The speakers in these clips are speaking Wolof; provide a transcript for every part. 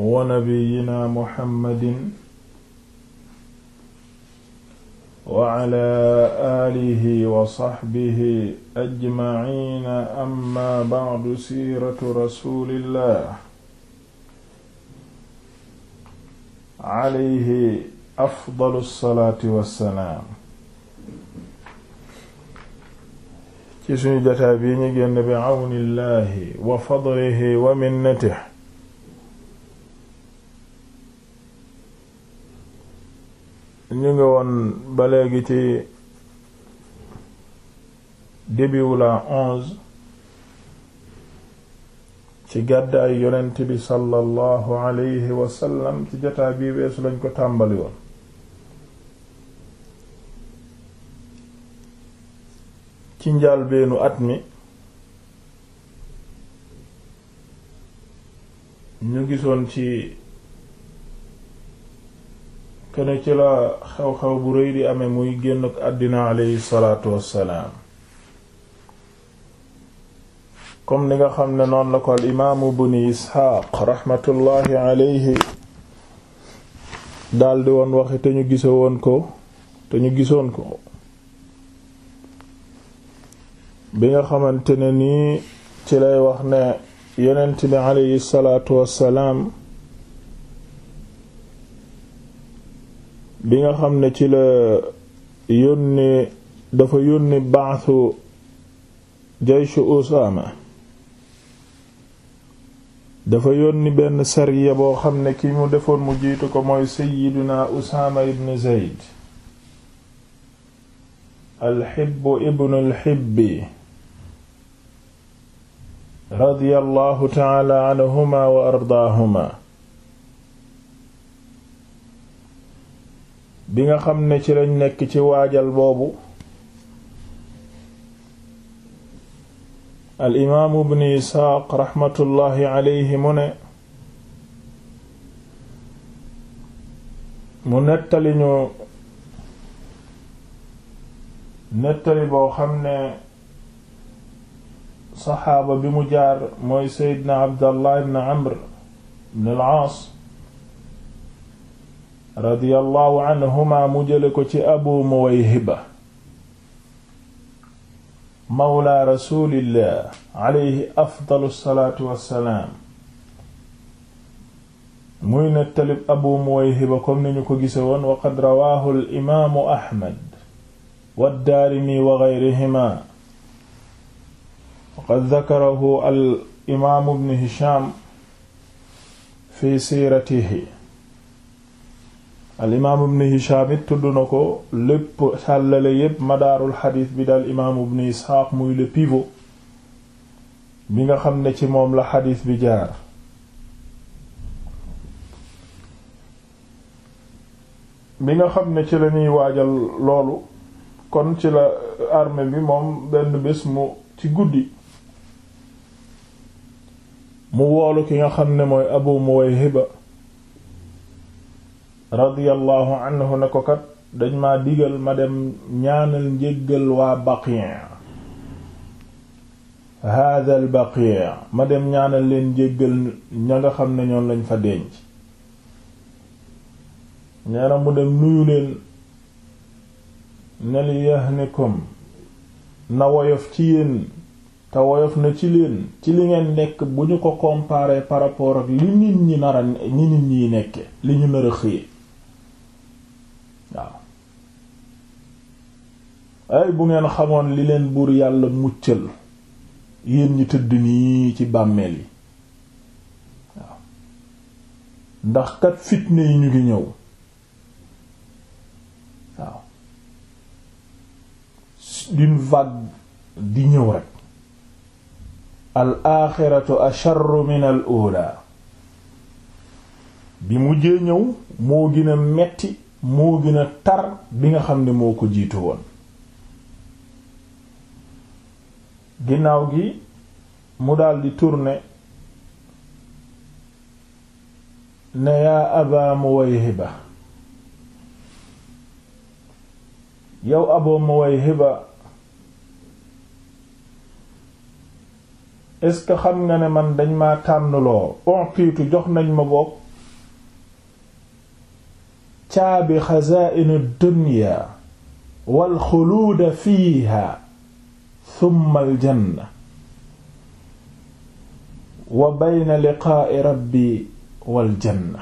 wa nabiyyina muhammadin wa ala alihi wa sahbihi ajmaciina amma bacdu siiratu rasulillah alayhi afdalu salaati wassalaam ci suñu jataa bi ñu génn bi cawnillahi wa fadlihi wa minnatihi ñu ngi woon ba léegi ci début la onze ci gàddaay yonent bi sallallahu alayhi wa ci jotaay bii weesu lañ ko tàmbali woon ci njàlbeenu at mi ñu gisoon ci kene ci la xew-xew bu rëy di amee muy génn ak àddina aleyhi salaatu wassalaam comme ni nga xam ne noonu la ko al imaamu buni isxaaq raxmatullaahi aleyhi daldi woon waxe te ñu gise woon ko te ñu gisoon ko bi nga xamante ne nii ci lay wax ne yonent bi aleyhi salaatu wassalaam bi nga xam ne ci la yónni dafa yónni ba'su jayshu Usaama dafa yónni benn sariya boo xam ne ki mu defoon mu jiitu ko mooy sayyiduna Usaama ibn Zayd alxibbu ibnu alxibbi ta'ala anhuma wa ardaahuma bi nga xam ne ci lañ nekk ci waajal boobu al imaamu ibn isxaaq raxmatullaahi aleyhi mu nettali ñu nettali boo xam ne saxaaba bi mu jaar mooy seydna abdallah ibn amr ibn al aas radiyallahu anhuma mu jële ko ci abu muwayhiba mawla rasulillah alayhi afdalu salaatu wassalaam muy nettalib abu muwayhiba comme ni ñu ko gise woon wa qad rawaahu al imaamu ahmad wa daarimi wa gayrihima wa qad dakarahu al imaamu ibn hisham fi siiratihi al imaam ibn Hisham it tudd na ko lépp sàllale yépp madaarul xadiis bi daal imaam ibn Isxaaq muy le pivot bi nga xam ne ci moom la xadiis bi jaar bi nga xam ne ci la ñuy waajal loolu kon ci la armée bi moom benn bés mu ci guddi mu woolu ki nga xam ne mooy Abu Muwayhiba radiyallahu anhu ne ko kat dañ ma digal ma dem ñaanal njéggal waa Baqi' hadha al Baqi' ma dem ñaanal leen njéggal ña nga xam ne ñoom lañ fa denc neena mu dem nuyu leen ne na woyof ci yéen te woyof na ci leen ci li ngeen nekk bu ñu ko comparer par rapport ak li nit ñi nara ni nit ñi nekke li ñu nar a ay bu ngeen xamoon li leen buur yàlla muccal yéen ñi tëdd nii ci bàmmeel yi waaw ndax kat fitne yi ñu ngi ñëw waaw d'une vague di ñëw rek al axiratu acharru min al bi mujjee ñëw moo gën a metti moo gën a tar bi nga xam ne moo ko jiitu woon ginnaaw gi mu daldi tourner ne yaa Aba Muwayhiba yow Abu Muwayhiba est-ce que xam nga ne man dañ ma tànnloo ontiitu jox nañ ma boog caabi xazaa'inu dunya wal xuluuda fiiha thumma aljanna wa bayna liqaa'i rabbi waljanna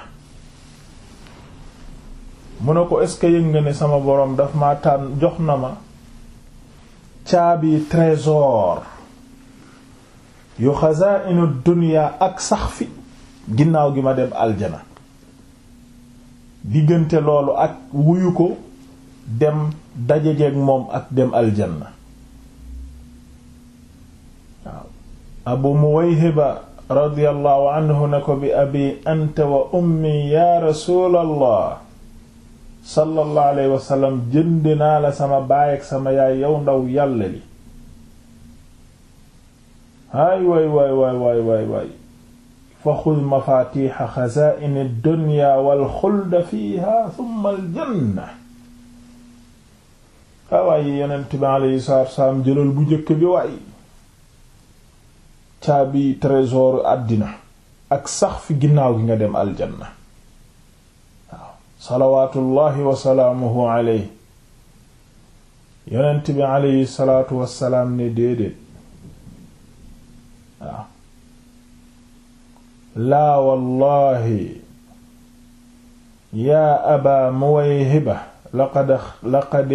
mu ne ko est ce que nga ne sama boroom dafa ma tànn jox na ma caabi trésor yu xazaa'inu dunya ak sax fi ginnaaw gi ma dem aljana diggante loolu ak wuyu ko dem dajejeeg moom ak dem aljanna abu muwayhiba radiyallahu anhu ne ko bi abi anta wa ummi yaa rasuulallah sallallahu alayhi wasallam jënd naa la sama baay ak sama yaay yow ndaw yàlla li haay waay waay waay waay waay waay fa xud mafaatiixa xazaa'ini dunya wal xulda fiiha summa al janna waaye yonent bi alayhi salaatu wa salaam jëlal bu njëkk bi waay caabi trésor àddina ak sax fi ginnaaw gi nga dem aljanna waaw salawaatullahi wasalaamuhu aley yonent bi aleyhi salaatu wasalaam ne déedéet waaw laa wallahi yaa aba muwayhiba laqad laqad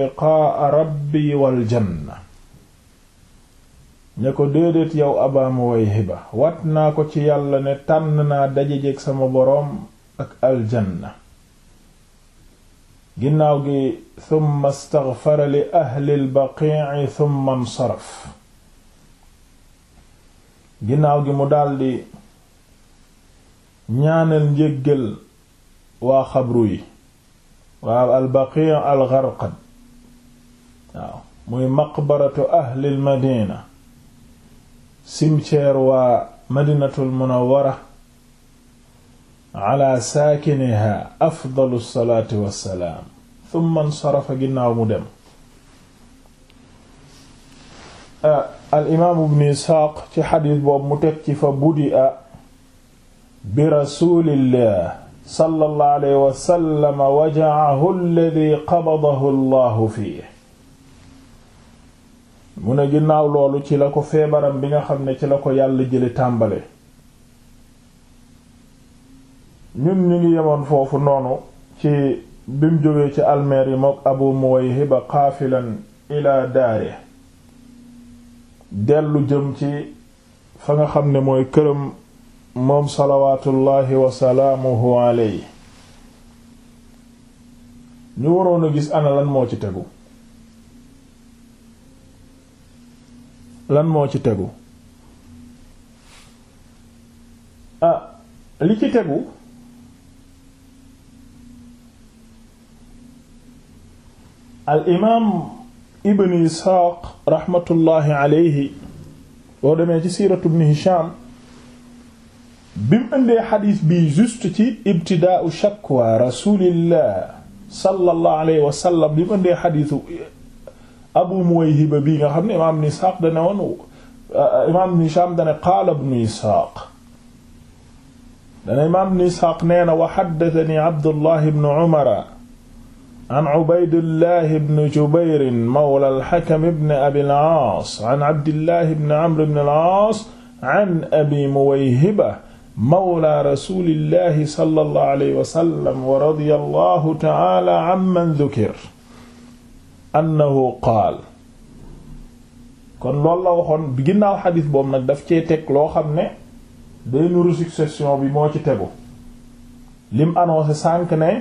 liqaa rabbi waljanna ne ko déedéet yow Aba Muwayhiba wat naa ko ci yàlla ne tànn naa dajejeeg sama boroom ak aljanna ginnaaw gi thumma staghfara li ahli al-baqi'i thumma nsaraf ginnaaw gi mu daldi ñaanal njéggal waa xabru yi waa al-baqi' al-gharqad waaw muy maqbaratu ahli al-madina cimetière waa madinatul munawwara ala saakiniha afdalu salaati wassalaam thumma nsarafa ginnaaw mu dem al imaamu ibn isxaaq ci xadiis boobu mu teg ci fa budi a bi rasulillah sallallahu alayhi wa sallam waja'ahu alladhi qabadahu allahu fihi mu ne ginnaaw loolu ci la ko feebaram bi nga xam ne ci la ko yàlla jële tàmbale ñun ñu ngi yemoon foofu noonu ci bim jógee ci almeer yi mook abu muwayhiba xaafilan ila daare dellu jëm ci fa nga xam ne mooy këram moom salawaatullaahi wasalaamuhu aley ñu waroon a gis ana lan moo ci tegu lan moo ci tegu ah, li ci tegu al imaam ibn isxaaq raxmatullaahi aleyhi boo demee ci siiratu ibn hisham bi mu indee xadiis bi juste ci ibtidaau shakwa rasulillah sallallahu alayhi wa sallam bi mu indee xadiisu Abu Muwayhiba bii nga xam ne imaam Ibn Isxaaq dane woon imaam Ibn Hishaam dane qaala Ibn Isxaaq dane imaam Ibn Isxaaq nee na wa haddathanii Abdullahi ibn Umara an Ubaydillahi ibn Jubayr mawla al-Hakam ibn Abi al-Aas an Abdillahi ibn Amr ibn al-Aas an Abi Muwayhiba mawla rasulillahi sallallahu alayhi wa sallam wa radiyallahu ta'ala amman dhukira annahu qaal kon loolu la waxoon bi ginnaaw xadis boobu nag daf cee teg loo xam ne day nuru succession bi moo ci tegu lim annoncé sànq ne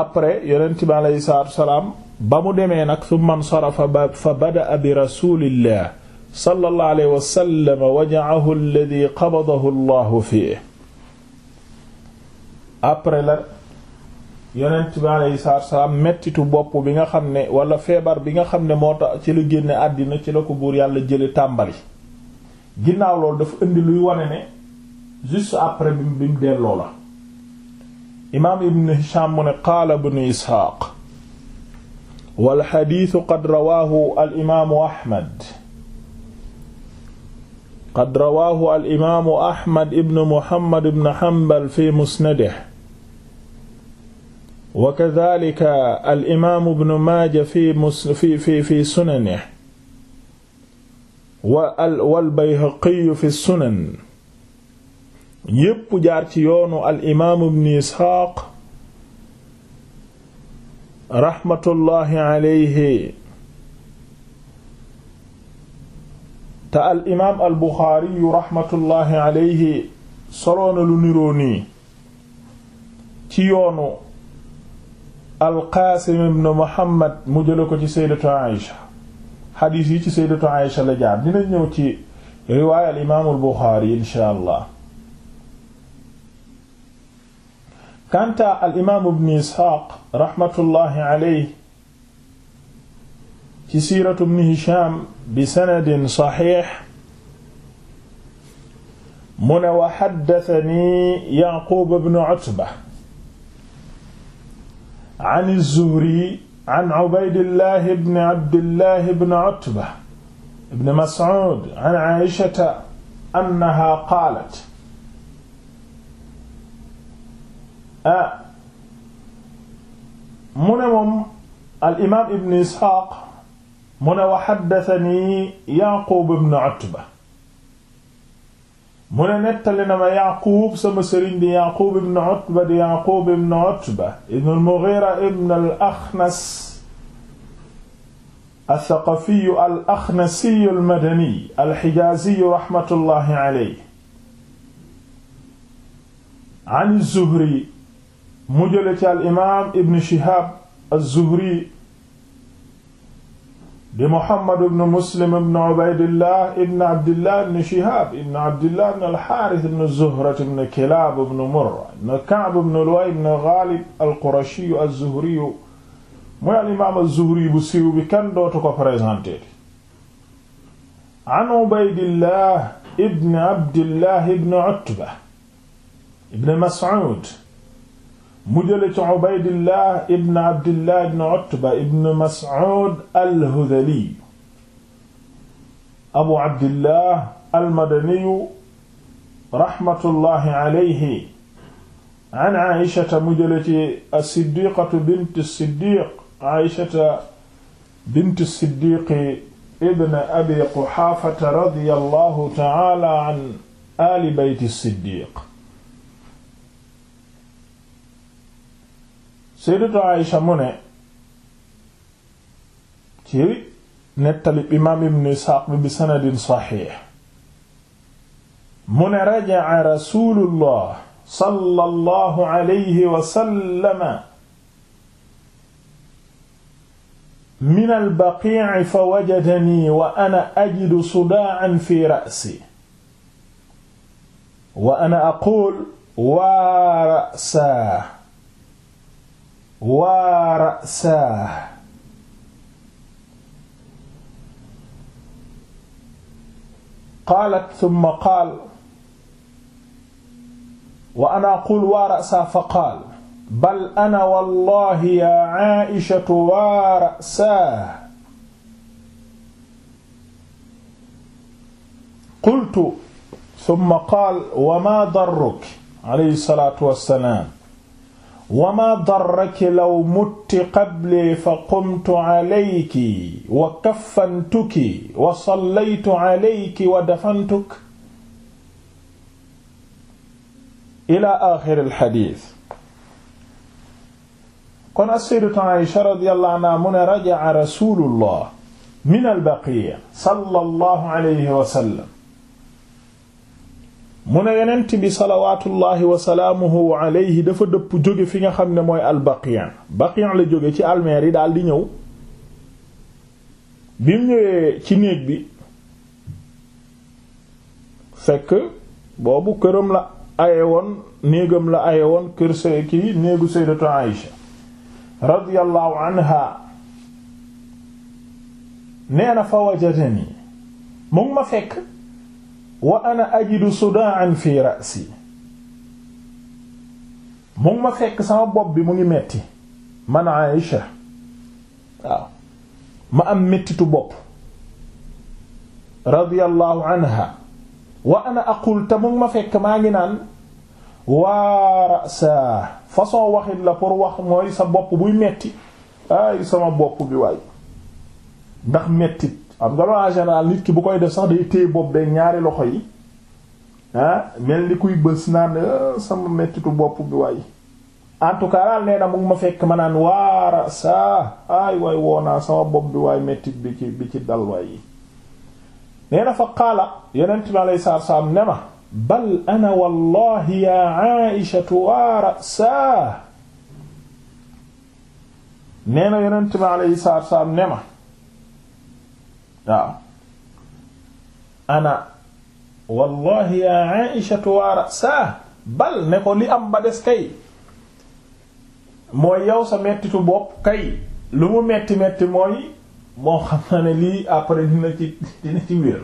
après yonent bi aleyhi salaatu salaam ba mu demee nag summa nsarafa fa bada'a bi rasulillah sallallahu alayhi wa sallam waja'ahu alladhi qabadahu Allahu après la yonent bi mettitu bopp bi nga xam ne wala feebar bi nga xam ne moo tax ci lu génne àddina ci la ko buur yàlla jële tàmbali ginnaaw loolu dafa indi luy wane ne juste après bi mu delloo la imaam ibn hisham mu ne qaala ibn isxaaq walxadiisu qad rawaahu al imaamu qad rawaahu al imaamu ibn muhammad ibn hanbal fi musnadihi wa kadaalika al imaamu ibnu maaja fi mus fi fi fi sunanihi wa al wal bayhaqi fi sunan yépp jaar ci yoonu al imaamu ibnu isxaaq raxmatullaahi aleyhi te al imaam al buxaariyu raxmatullaahi aleyhi soloona lu niroo nii ci yoonu. alqaasim ibn muhammad mu jële ko ci saydatu aïsha xadiis yi ci saydatu aïsha la jaar dina ñëw ci riwaaya al imaam al buxaari insha allah kanta al imaam ibn isxaaq raxmatullaahi aleyhi ci siiratu ibn hisham bi sanadin saxiix mu ne wa xaddatani yaqub ibn utba an az-Zuhri an Ubaydillah ibn Abdillah ibn Utba ibn Mas'ud an Aisha annaha qaalat ah mu ne moom al imaam ibn Isxaaq mu ne wa haddathanii Yaquub ibn Utba mu ne nettali na ma Yaquub sama sëriñ di Yaquub ibn Utba di Yaquub ibn Utba ibn al-Mughira ibn al-Akhnas al-Thaqafi al-Akhnasi al-Madani al-Hijazi rahmatullahi alayhi an az-Zuhri mu jële ci al-imaam ibn Shihab az-Zuhri di Muhammad ibn Muslim ibn Ubaydillah ibn Abdillah ibn Shihab ibn Abdillah ibn al-Harith ibn Zuhra ibn Kilab ibn Murra ibn Ka'b ibn Lu'ay ibn Ghalib al-Qurashi az-Zuhri mooy al-imaam az-Zuhri bu siiw bi kenn dootu ko présenté an Ubaydillah ibn Abdillah ibn Utba ibn Mas'ud mu jële ci Ubaydillah ibn Abdillah ibn Utba ibn Mas'ud al-Hudhali Abu Abdillah al-Madani rahmatullahi alayhi an Aïshata mu jële ci as-Siddiqatu bint as-Siddiq Aïshata bint as-Siddiq ibn Abi Quhaafata radiyallahu ta'ala an aali bayti as-Siddiq sayyidatu Aïsha mu ne ci nettali imaam ibn Isxaaq bi bi sanadin saxiix mu ne raja'a rasuulullah sallallahu alayhi wa sallam min al-baqii'i fa wajadanii wa ana ajidu sudaa'an fi ra'sii wa ana aquulu waa ra'saa waa rasaah qaalat summa qaal wa ana aqul waa rasaa fa qaal bal ana wallahi ya aishatu waa rasaa qultu summa qaal wa ma darruk alayhi salaatu wassalaam wama darraki law mutti qabli fa qumtu calayki wa kafantuki wa sallaytu calayki wa dafantuk ila axiri alxadiis kon assaydatu Aysa radiyallahu anha mu ne rajaca rasuulullah min albaqiya sallallahu alayhi wa sallam mu ne yonent bi salawaatullahi wa salaamuhu alayhi dafa dëpp jóge fi nga xam ne mooy al Baqi' la jóge ci almeer yi daal di ñëw bi mu ñëwee ci néeg bi fekk boobu këram la aye woon néegam la aye woon kër see kii néegu sayyidatu Aïsha radiyallahu anha nee na fa wajadani mu ngi ma fekk wa ana ajidu sudaan fi ra'si mu ma fekk sama bopp bi mu ngi metti man Aïcha waaw ma am mettitu bopp radiyallahu anha wa ana aqul te mu ma fekk maa ngi naan waa ra'sa façon waxit la pour wax mooy sa bopp buy metti ay sama bopp bi waay ndax mettit am nga loolu en général nit ki bu koy def sax day téye bopp day ñaari loxo yi ah mel ni kuy bës naan ah, sama mettitu bopp bi waaye en tout cas daal ma fekk ma naan waara saa ay waay woonaa sama bopp bi waaye mettit bi ci bi ci dal waay yi nee fa qaala yenent bi alei saatu salaam ne ne ma waaw ana wallahi ya aishatu saa bal ne ko li am ba des kay mooy yow sa mettitu bopp kay lu mu metti metti mooy moo xam na ne lii après dina ci dina ci wér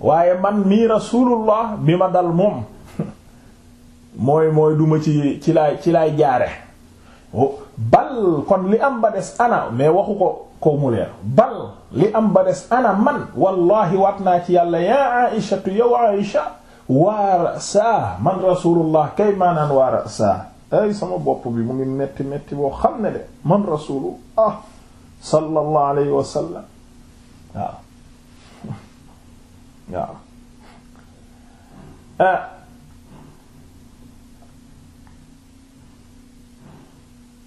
waaye man mii rasulullah bi ma dal moom mooy mooy duma ci ci laay ci laay jaare bal kon li am ba des ana mais waxu ko ko mu leer bal li am ba des ana man wallahi waat naa ci yàlla yaa aïshatu yow aïsha waara saa man rasulullah kay maanaan waara saa ay sama bopp bi mu ngi metti metti boo xam ne de man rasulullah ah, sallallahu alayhi wa sallam waaw waaw eh.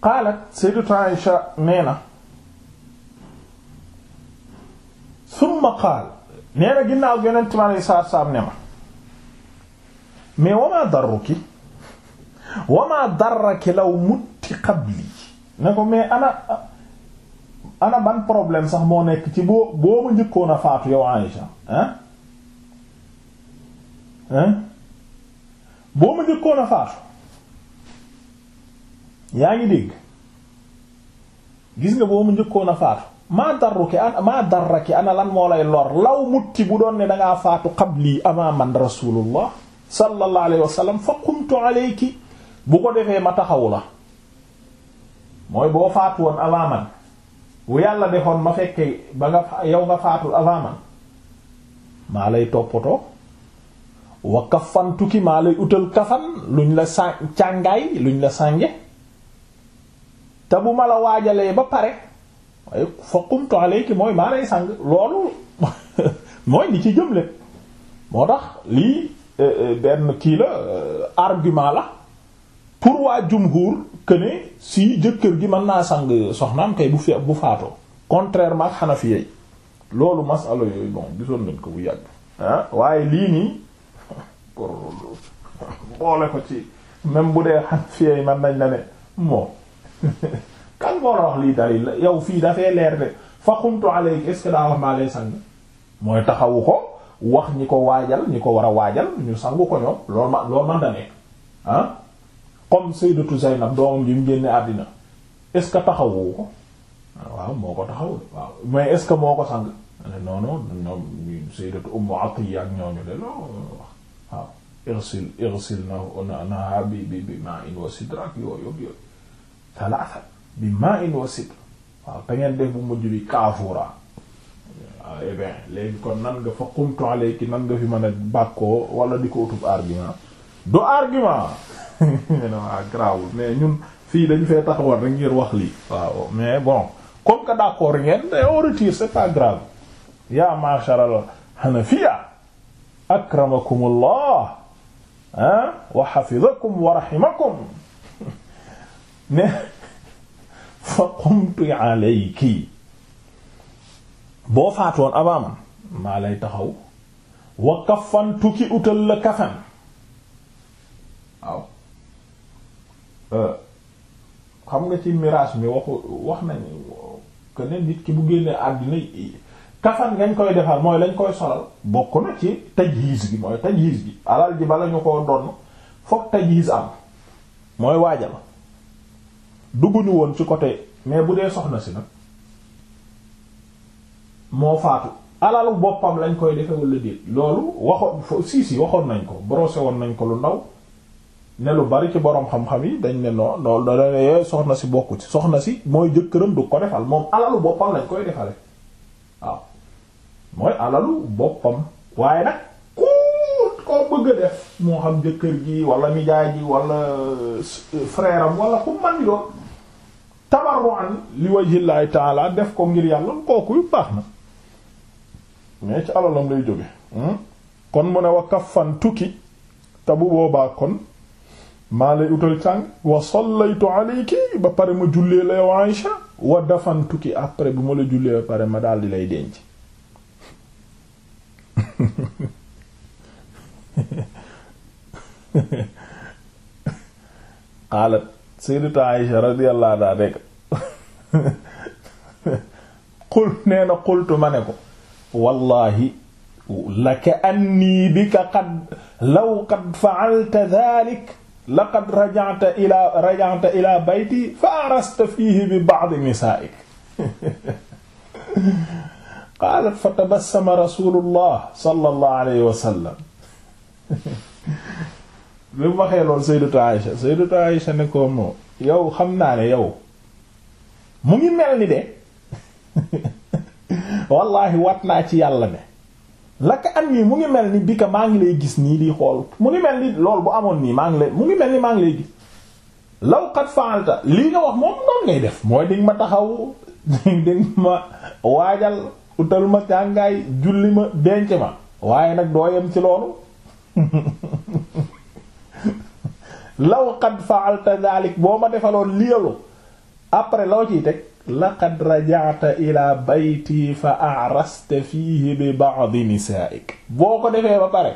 qaalat sayyidatu aïsha nee na summa qaal nee na ginnaaw yonent mi aleyhi salaatu salaam ne ma mais wamaa darruki wamaa darraki law mutti qabli ne ko mais ana ban problème sax moo nekk ci boo boo ma njëkkoon a faatu yow yaa ngi dégg gis nga boo ma njëkkoon a faatu maa darruki an ana lan moo lay lor law mutti bu doon ne da faatu qabli amaa man rasulullah sallallahu alayhi wa sallam fa qumtu bu ko defee ma taxawu la mooy boo faatu woon avant man bu yàlla defoon ma fekke ba nga yow nga faatu avant man maa lay toppatoo wa kafantuki maa lay utal kafan luñ la sa càngaay luñ la sànge te bu ma la waajalee ba pare waaye faqumtu alayki mooy maa lay sang loolu mooy li ci jëmle moo tax lii eh, eh, benn kii la eh, argument la pour waa jumhur que ne si jëkkër gi mën naa sang soxnaam kay bu fi bu faatoo contrairement ak xanafiya yi loolu masala yooyu bon gisoon nañ ko bu yàgg ah waaye lii nii pour boole ko ci même bu dee xanafiya yi mën nañ la ne moo kan moo la wax lii dalil yow fii dafay leer de fa xumtu alayka est ce daa wax maa lay sang mooy taxawu ko wax ñi ko waajal ñi ko war a waajal ñu sangu ko ñoom loolu ma loolu man ah? comme sayyidatu Zaynab doomam bi mu génne àddina est ce que taxawu ko ah, waaw moo ko taxawu waaw mais est ce que moo ko sang non non ñoom sayyidatu Ummu Atiya ak ñooñu de loolu waaw irsil irsil na na bi bi bi ma in wa sidrak yooyu yooyu talaata bi maa in wasit waaw te ngeen def bu mujj bi kaafuura waaw ah, eh kon nan nga fa xumtu alayki nan nga fi mën a bàkkoo wala di ko utub argument du argument ne waa ah, grawul mais ñun fii dañ fee taxawal rek ngir wax lii waaw mais bon comme que d'accord ngeen te on retire wa hafizakum wa rahimakum fa qumtu alayki boo faatoon abaa man maa lay taxaw wa kafantuki utal la kafan waaw euh, xam nga ci miraas mi waxu wax nañ que ne nit ki bu génnee àddina kafan ngañ koy defal mooy lañ koy solal bokk na ci tajhiis gi mooy tajhiis gi alal ji bala ñu koo donn fokk tajhiis am mooy waajal dugguñu woon ci côté mais bu dee soxna si nag moo faatu alalu boppam lañ koy defe wala déet loolu waxoon si si waxoon nañ ko brosé woon nañ ko lu ndaw ne lu bari ci boroom xam-xam yi dañ ne non loolu da ne soxna si bokku ci soxna si mooy jëkkëram du ko defal moom alalu boppam lañ koy defale waaw mooy alalu boppam waaye nag ku koo bëgg a def moo xam jëkkër gi wala mijaay ji wala frère am ku man di tabarruan li wajhillaahi taala def ko ngir yàlla kooku baax na mais ci alalam lay jóge hmm? kon mu ne wa kaffan tukki te bu boobaa kon maa lay utal càng wa sallaytu alayki ba pare ma jullee la yow Aïcha wa dafan tukki après bu ma la jullee ba pare ma daal di lay denc qaalat sayyidatu Aisha radiyallahu anha rek qul nee na qultu ma ne ko wallahi laka anni bika qad law qad fa'alta dhalik laqad raja'ta ila raja'ta ila bayti fa arasta fihi bi ba'd nisaa'ik qaalat fa tabassama rasulullah sallallahu alayhi wa sallam bi mu waxee lool Sayyidatu Aïcha Sayyidatu Aïcha ne ko moom yow xam naa ne yow mu ngi mel ni de wallaahi wat naa ci yàlla ne laka am nii mu ngi mel ni bi ka maa ngi lay gis nii di xool mu ngi mel ni loolu bu amoon nii maa ngi lay mu ngi mel ni maa ngi lay gis law qad fa'alta lii nga wax moom noonu ngay def mooy dinga ma taxaw dinga ma waajal utal ma càngaay julli ma denc ma waaye nag doo yem ci loolu law qad fa'alta dhalik boo ma defaloon liyalu après loo ci teg laqad raja'ta ila bayti fa a'rasta fihi bi ba'd nisa'ik boo ko defee ba pare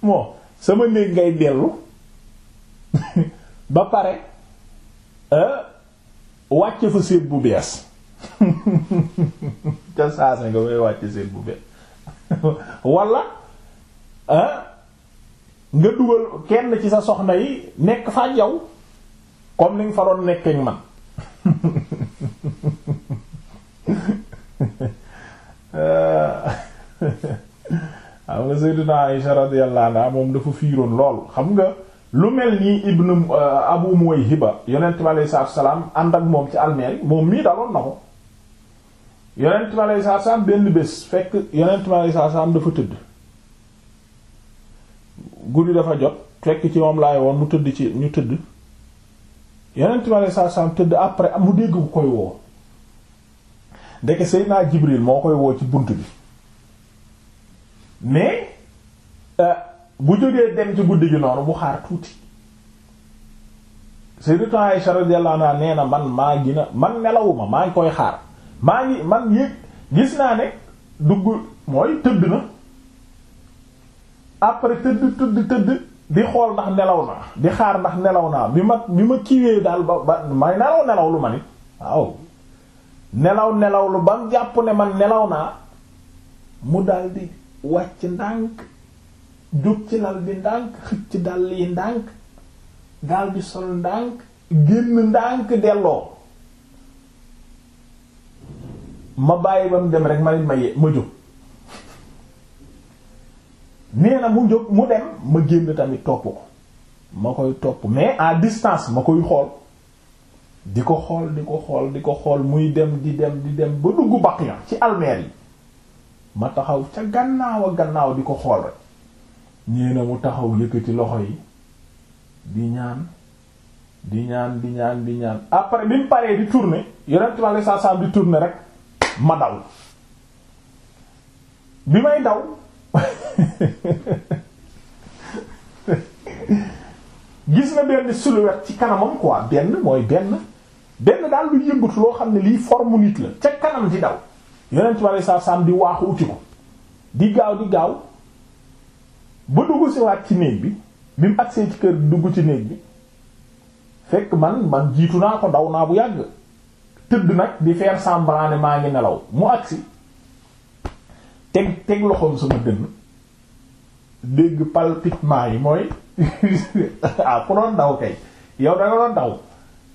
moo sama néeg ngay dellu ba pare eh, wàcc fa séet bu bees ca saase nga fay wàcc séet bu bees walla ah nga dugal kenn ci sa soxna yi nekk faa yow comme ni nga fa doon nekk ak man xam nga Sayyidina Aisha radiyallahu anha moom dafa fiiroon lool xam nga lu mel nii Ibnu euh, Abu Muwayhiba yonent bi alayhi salaatu salaam ànd ak moom ci almeeri moom mii daloon na ko yonent bi alayhi salaatu salaam benn bés fekk yonent bi alayhi salaatu salaam dafa tëdd guddi dafa jot fekk ci moom laay woon mu tëdd ci ñu tëdd yeneen ci wàllu saasam tëdd après mu dégg bu koy woo ndeke naa Jibril moo koy woo ci bunt bi mais euh, bu jógee dem ci guddi gi noonu mu xaar tuuti Sayyidatu Aisha radiyallahu anha nee na man maa ngi man nelawuma maa ngi koy xaar maa ngi man yëg gis naa ne dugg mooy tëdd na. après tëdd tëdd tëdd di xool ndax nelaw naa di xaar ndax nelaw naa bi ma bi ma kiiwee daal ba ba may nelaw nelaw lu ma ni waaw nelaw nelaw lu ba jàpp ne man nelaw naa mu daldi di wàcc ndànk jóg ci lal bi ndànk xëcc dal yi ndànk dal sol ndànk génn ndànk delloo ma bàyyi ba mu dem rek ma nit ma ye ma jóg nee na mu jóg mu dem ma génn tamit topp ko ma koy topp mais à distance ma koy xool di ko xool di ko xool di ko xool muy dem di dem di dem ba dugg Baqiya ci almeer yi ma taxaw ca gannaaw gannaaw di ko xool rek ñee na mu taxaw yëkkati loxo yi di ñaan di ñaan di ñaan di ñaan après bi mu paree di tourner yonent ma la saa saa di tourner rek ma daw bi may daw gis na benn silhouette ci kanamam quoi benn mooy benn benn daal lu yëngatu loo xam ne lii forme nit la ca kanam di daw yonent bi saa saam di waaxu uti ko di gaaw di gaaw ba dugg si waat ci néeg bi bi mu agsee ci kër dugg ci néeg bi fekk man man jiitu naa ko daw naa bu yàgg tëdd nag di faire semblant maa ngi nelaw mu agsi teg teg loxoom sama dënn dégg palpitement yi mooy ah ku doon daw kay yow da nga doon daw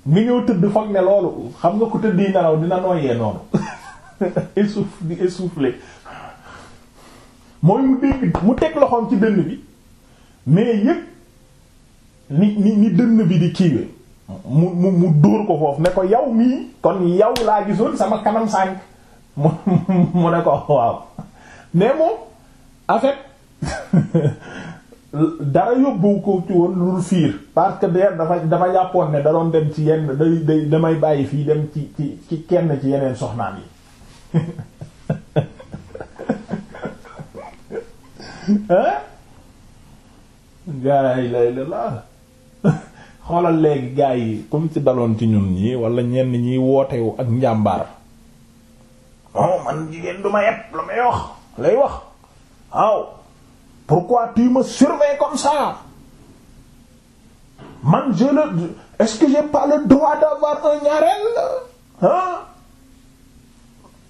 nga ñëw tëdd foog ne loolu xam nga ko tëddi nelaw dina nooyee noonu essoufflé di essoufflé mooy mu dégg mu teg loxoom ci dënn bi mais yëpp ni ni ni dënn bi di kiiwee mu mu dóor ko foofu ne ko yow mii kon yow laa gisoon sama kanam sànq mu mu ne ko waaw mais moom en dara yóbbu ko ci woon lu fiir parce que der dafa dafa yàppoon ne da doon dem ci yenn da day damay bàyyi fii dem ci ci ci kenn ci yeneen soxnaan yi gaa yi lay la xoolal léegi gaa yi comme ci daloon ci ñun ñi walla ñenn ñiy wootewu ak njàmbaar oh man jigéen du ma la may wax lay wax waaw pourquoi tu me surveilles comme ça man je le est-ce que j'ai pas le droit ñaareel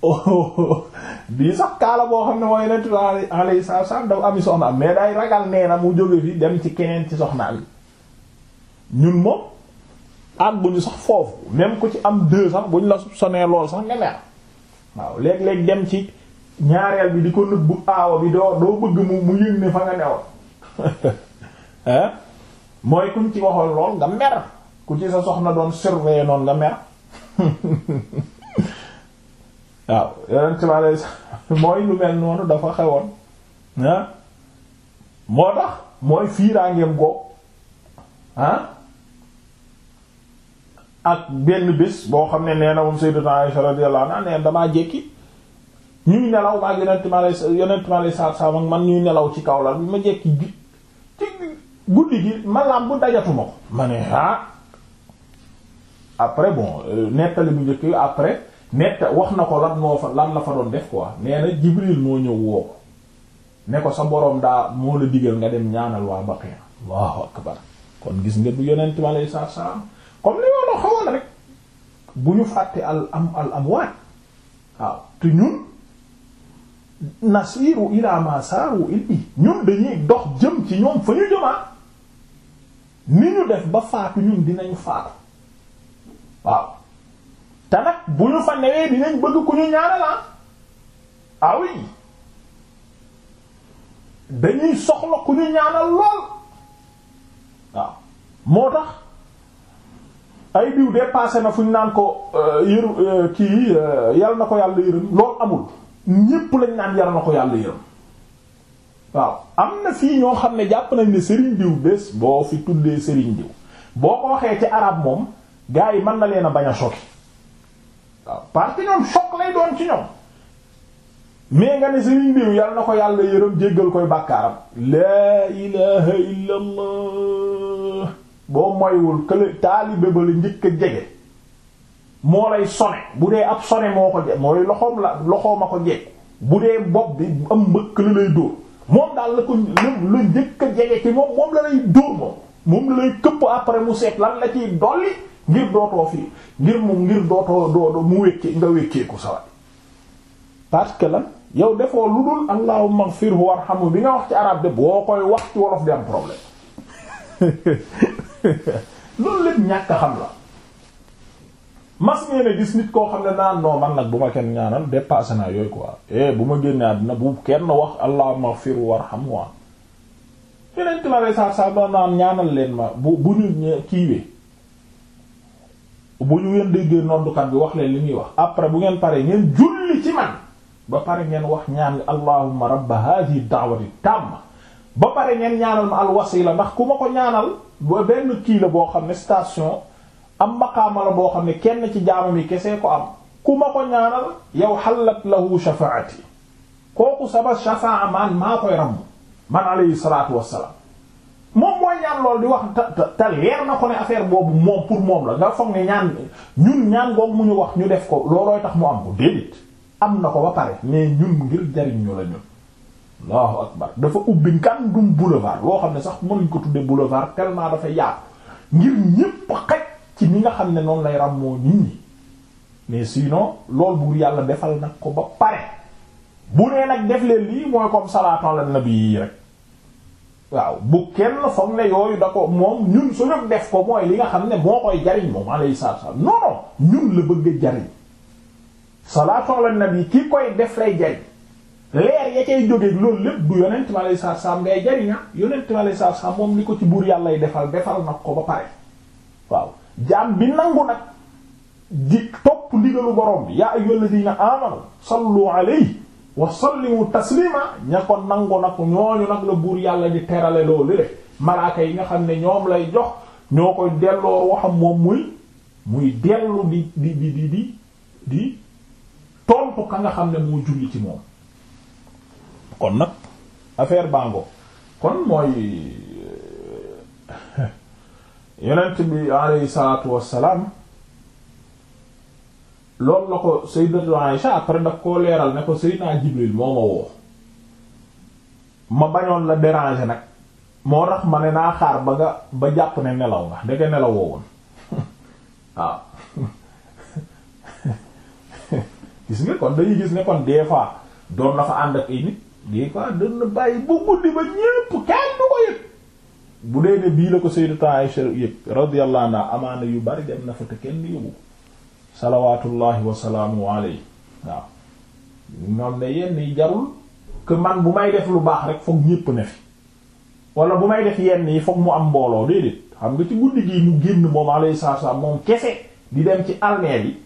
oh, oh, oh. bii sax kaala boo xam ne mooy yonent bi alayhi salaatu salaam dafa ami soxna am mais day ragal nee na mu jóge fi dem ci keneen ci soxnaam yi ñun moom ak bu ñu sax foofu même ku ci am deux sax bu la soupçonné lool sax nga mer waaw léeg-léeg dem ci ñaareel bi di ko nëbbu aawa bi doo doo bëgg mu mu yëg ne fa nga newoon hein mooy kuñ ci waxoon lool nga mer ku ci sa soxna doon surveiller noonu nga mer waaw yeneen tibaale mooy lu mel noonu dafa xewoon moo tax mooy fiiraangeem googu ak benn bés boo xam ne nee na moom Sayyidatu Aisha radiyallahu anha nee damaa jékki ñuy nelaw maag yonent ma lay yonent ma lay saab saab ak man ñuy nelaw ci kaw la bi ma jekki ci guddi gi ma laam bu dajatuma ko ma ne ah après bon euh, nettali bu njëkk après nett wax na ko lan moo lan la fa doon def quoi nee na Jibril moo ñëw woo ko ne ko sa boroom daa moo la digal nga dem ñaanal waa Baqiya Allahu akbar kon gis nga du yonent ma lay saab saab comme li woon a xawoon rek bu ñu fàtte al am al amwaat waaw te ñun nasiru ila ma saaru il ñun dañuy dox jëm ci ñoom fa ñu jëmaa ni ñu def ba faatu ñun dinañu faatu waaw te nag bu ñu fa newee dinañ bëgg ku ñu ñaanalaa ah. ah oui dañuy soxla ku ñu ñaanal lool waaw moo tax ay diw dépassé na fu ñu naan ko euh, yër euh, kii euh, yal na ko yàlla yërëm lool amul ñépp lañ naan yar na ko yàlla yërëm waaw am na fii ñoo xam ne jàpp nañ ne sëriñ diw bés boo fi tuddee sëriñ diw boo ko waxee ci arab moom gars yi mën na leen a bañ a choqué waaw parce ñoom choc lay doon ci ñoom mais nga ne sëriñ diw yàlla na ko yàlla yërëm jéggal koy bàkkaaram laa ilaha illa boo moywul kële ba la njëkk a jege moo lay sone bu dee ab sone moo ko mooy loxoom la loxoom a ko jekk bu dee bopp bi am mbëkk la lay dóor moom daal la ko la njëkk a jege ci moom moom la lay dóor moom moom la lay këpp après mu seet lan la ciy dolli ngir dootoo fi ngir mu ngir dootoo doodo mu wékkee nga wékkeeku sawat parce que yow defoo lu dul allahumma ighfirhu warhamhu bi nga wax ci arab de boo koy wax ci wolof di am problème loolu lépp ñàkk xam la mas ngeen a gis nit koo xam ne naan non man nag bu ma kenn ñaanal dépassé naa yooyu quoi eh bu ma génnee àddina bu kenn wax allahumma ighfir warham wa yeneen kilomètres saa saa doon naan ñaanal leen ma bu bu ñu kiiwee bu ñu ngeen déggee noddukat bi wax leen li ñuy wax après bu ngeen paree ngeen julli ci man ba pare ngeen wax ñaan allahumma rabba hadhihi da'wati tamma ba pare ngeen ñaanal ma al wasila ndax ku ma ko ñaanal benn kii la boo xam ne station. am maqaama la boo xam ne kenn ci jaamam yi kese ko am ku ma ko ñaanal yow xalat lahu shafaati kooku sama shafaa man maa koy ramm man alayhi salaatu wassalaam moom mooy ñaan lool di wax te te leer ko ne boobu moom pour moom la nga foog ñaan ñun ñaan wax ñu def ko loolooy tax mu am ko déedéet am na ko ba pare mais ñun ngir jariñ ñu la ñun allahu akbar dafa ubbi kan dum boulevard loo xam ne sax mënuñ ko tudde boulevard tellement dafa yaatu ngir ñépp xaj ci ni nga xam ne noonu lay ràmmoo nit ñi mais sinon loolu buur yàlla defal nag ko ba pare bu nee nag def leen lii mooy comme salaatu la nabi yi rek waaw bu kenn foog ne yooyu da ko moom ñun suñu def ko mooy li nga xam ne moo koy jariñ moom alayhi salaatu salaam non non ñun la bëgg jariñ salaatu ala nabi ki koy def lay jariñ leer ya cay jógeeg loolu lépp du yonent mi alayhi salaatu ngay jariña ah. yonent mi alayhi salaatu moom li ko ci buur yàllay defal defal nag ko ba pare jaam bi nangu nag di topp ndigalu borom bi yaa ayyuhalladhina amanu sallu alayhi taslima ña ko nangu nag ñooñu nag la buur yàlla di terale loolu le malaaka yi nga xam ne ñoom lay jox ñoo koy delloo waxam moom muy muy dellu di di di di di tontu ka nga xam ne moo julli ci moom kon nag affaire bango kon mooy euh, yonent bi aleyhi salaatu wassalaam loolu la ko sayyidatu Aisha après daf koo leeral ne ko sayyidina Jibril moo ma woo ma bañoon la déranger nag moo tax ma ne naa xaar ba nga ba jàpp ne nelaw nga ndeke nelawoo woon waaw gis nga kon dañuy gis ne kon des fois doon na fa ànd ak ay nit des doon na bàyyi bu guddi ba ñépp kenn ko yëg bu dee ne bii la ko sayyidatu Aisha yëg radiyallahu anha amaana yu bari dem na fa te kenn yóbbu salawaatullahi wasalaamu alayhi waaw ñoom ne yenn yi jarul que man bu may def lu baax rek foog ñépp ne fi wala bu may def yenn yi foog mu am mbooloo déedéet xam nga ci guddi gii mu génn moom alayhi salaam moom kese di dem ci armeel yi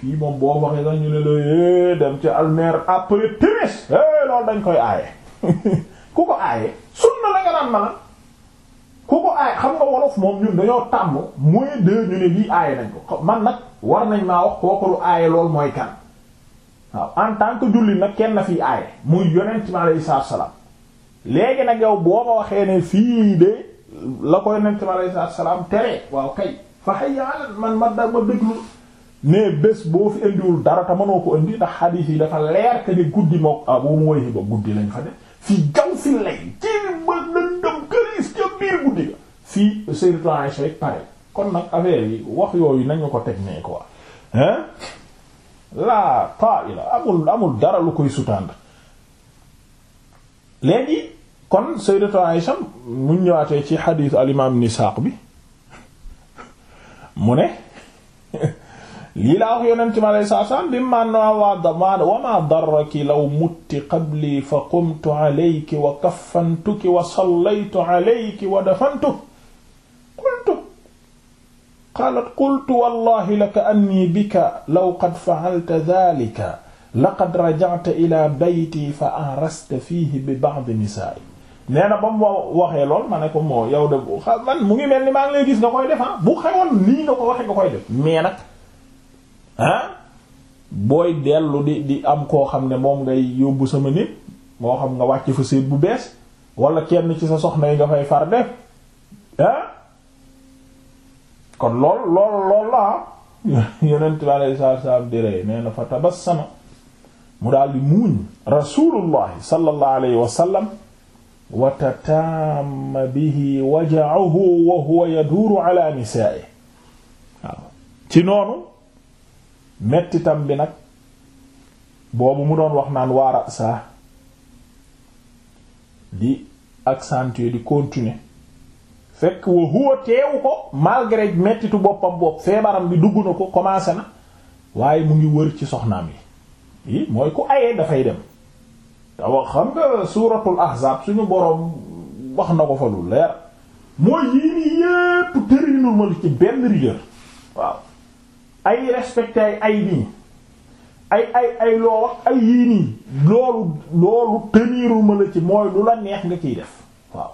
fii moom boo waxee sax ñu ne la eh, dem ci almer après tris eh, loolu dañ koy aaye ku ko aaye sunna la nga naan ma la ku ko aaye xam nga wolof moom ñun dañoo tàmm mooy de ñu ne lii aaye nañ ko man nag war nañ maa wax kooku lu aaye lool mooy kan waaw en tant que julli nag kenn na fi aaye muy yonent mi alayhi salaam léegi nag yow boo ma waxee ne fii de la ko yonent mi alayhi tere waaw kay fa hayya man ma da ma déglu ne bés boo fi indiwul dara te mënoo ko indi ndax xadiis yi dafa leer que ni guddi mook Abu ah, Muwayhiba guddi lañ fa def. ci jaw si lay ci ba lëndëm këriis ca biir guddi ga fii Sayyidatu Aisha rek pare kon nag affaire yi wax yooyu nañu ko teg ko quoi hein laa taila amul amul dara lu koy sutand léegi kon Sayyidatu Aisha mu ci xadiis al imaam Nisaaq bi mu ne lii laa wax yonente mi alei satu selaam bi ma nawaa wa ma darraki law mutti qabli fa qumtu alayki wa kaffantuki wa sallaytu alayki wa dafantuki qultu qaalat qultu wallahi laka anni bika law qad fa'alta dhalika laqad raja'ta ila bayti fa arasta fihi bi ba'd nisa'i nee na ba mu waxee lool ma ne ko moo yow de man mu ngi mel ni maa ngi lay gis nga koy def ah, bu xewoon nii nga ko waxee nga koy def mais nag ah booy dellu di di am koo xam ne moom ngay yóbbu sama nit moo xam nga wàcc fa bu bees wala kenn ci sa soxna yi nga fay far def ah kon lool lool lool la ah. yonent bi alei salatu di rey nee na fa tabassama mu daal di muuñ rasulullahi sallallahu alayhi wa sallam bihi waja'uhu wa huwa yaduuru ala nisaa'i waaw ci noonu mettitam bi nag boobu mu doon wax naan waara saa di accentuer di continuer fekk wa huwa teewu ko malgré mettitu boppam bopp feebaram bi dugg na ko commencé na waaye mu ngi wër ci soxnaam yi mooy ku ayee dafay dem te wax xam nga suuratul ahzaab suñu boroom wax na ko fa lu leer mooy yii nii yépp tërinul ma ci benn rigueur waaw ay respecté ay ay nii ay ay ay loo wax ay yii nii loolu loolu teniiruma la ci mooy lu la neex nga ciy def waaw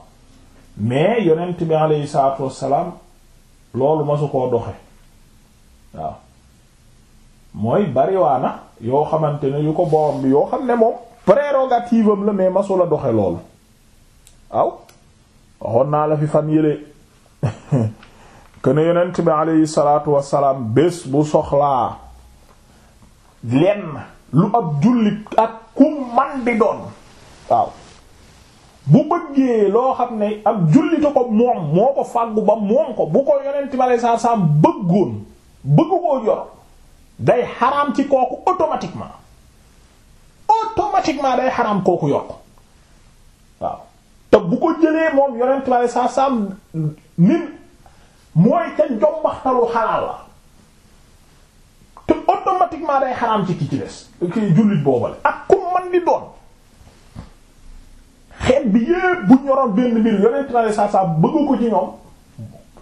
mais yonent bi aleyhi salaatu wassalaam loolu ma su koo doxe waaw mooy bariwaana yoo xamante ne yu ko borom bi yoo xam ne moom prérogative la mais masu la doxe loolu waaw waxoon naa la fi fan yële kën yonent bi aleyhi salaatu wassalaam bés bu soxlaa lenn lu ab jullit ak ku man di doon waaw bu bëggee loo xam ne ab jullita ko moom moo ko fàggu ba moom ko bu ko yor day xaraam ci kooku automatiquement automatiquement day xaraam kooku yor ko waaw te bu ko jëlee moom yonent bi aleyhi salaatu wassalaam nit mooy ca njombaxtalu xalaal la te automatiquement day xaraam ci ki ci des ki jullit boobale ak ku man di doon xeet bi yépp bu ñoroon benn mbir yonent na saa saa bëgg ko ci ñoom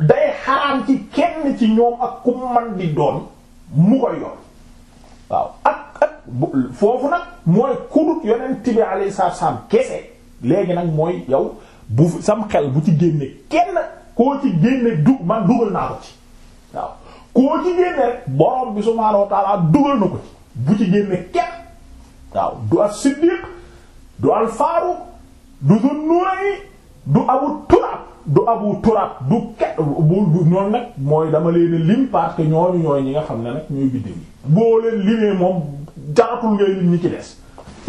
day xaraam ci kenn ci ñoom ak ku man di doon mu koy yoon waaw ak ak foofu nag mooy kudut yonent bi alayhi salaam kese léegi nag mooy yow bu sam xel bu ci génne kenn koo ci génne du man dugal naa ko ci waaw koo ci génne rek borom bi subhaanahu wa dugal na ko ci bu ci génne kenn waaw du al siddiq du al du du nuray du abu turab du abu bu ñoon nag mooy dama leen lim parce que ñooñu ñooy ñi nga xam ne nag ñooy biddew yi boo leen limee moom jaratul ngay lim ñi ci des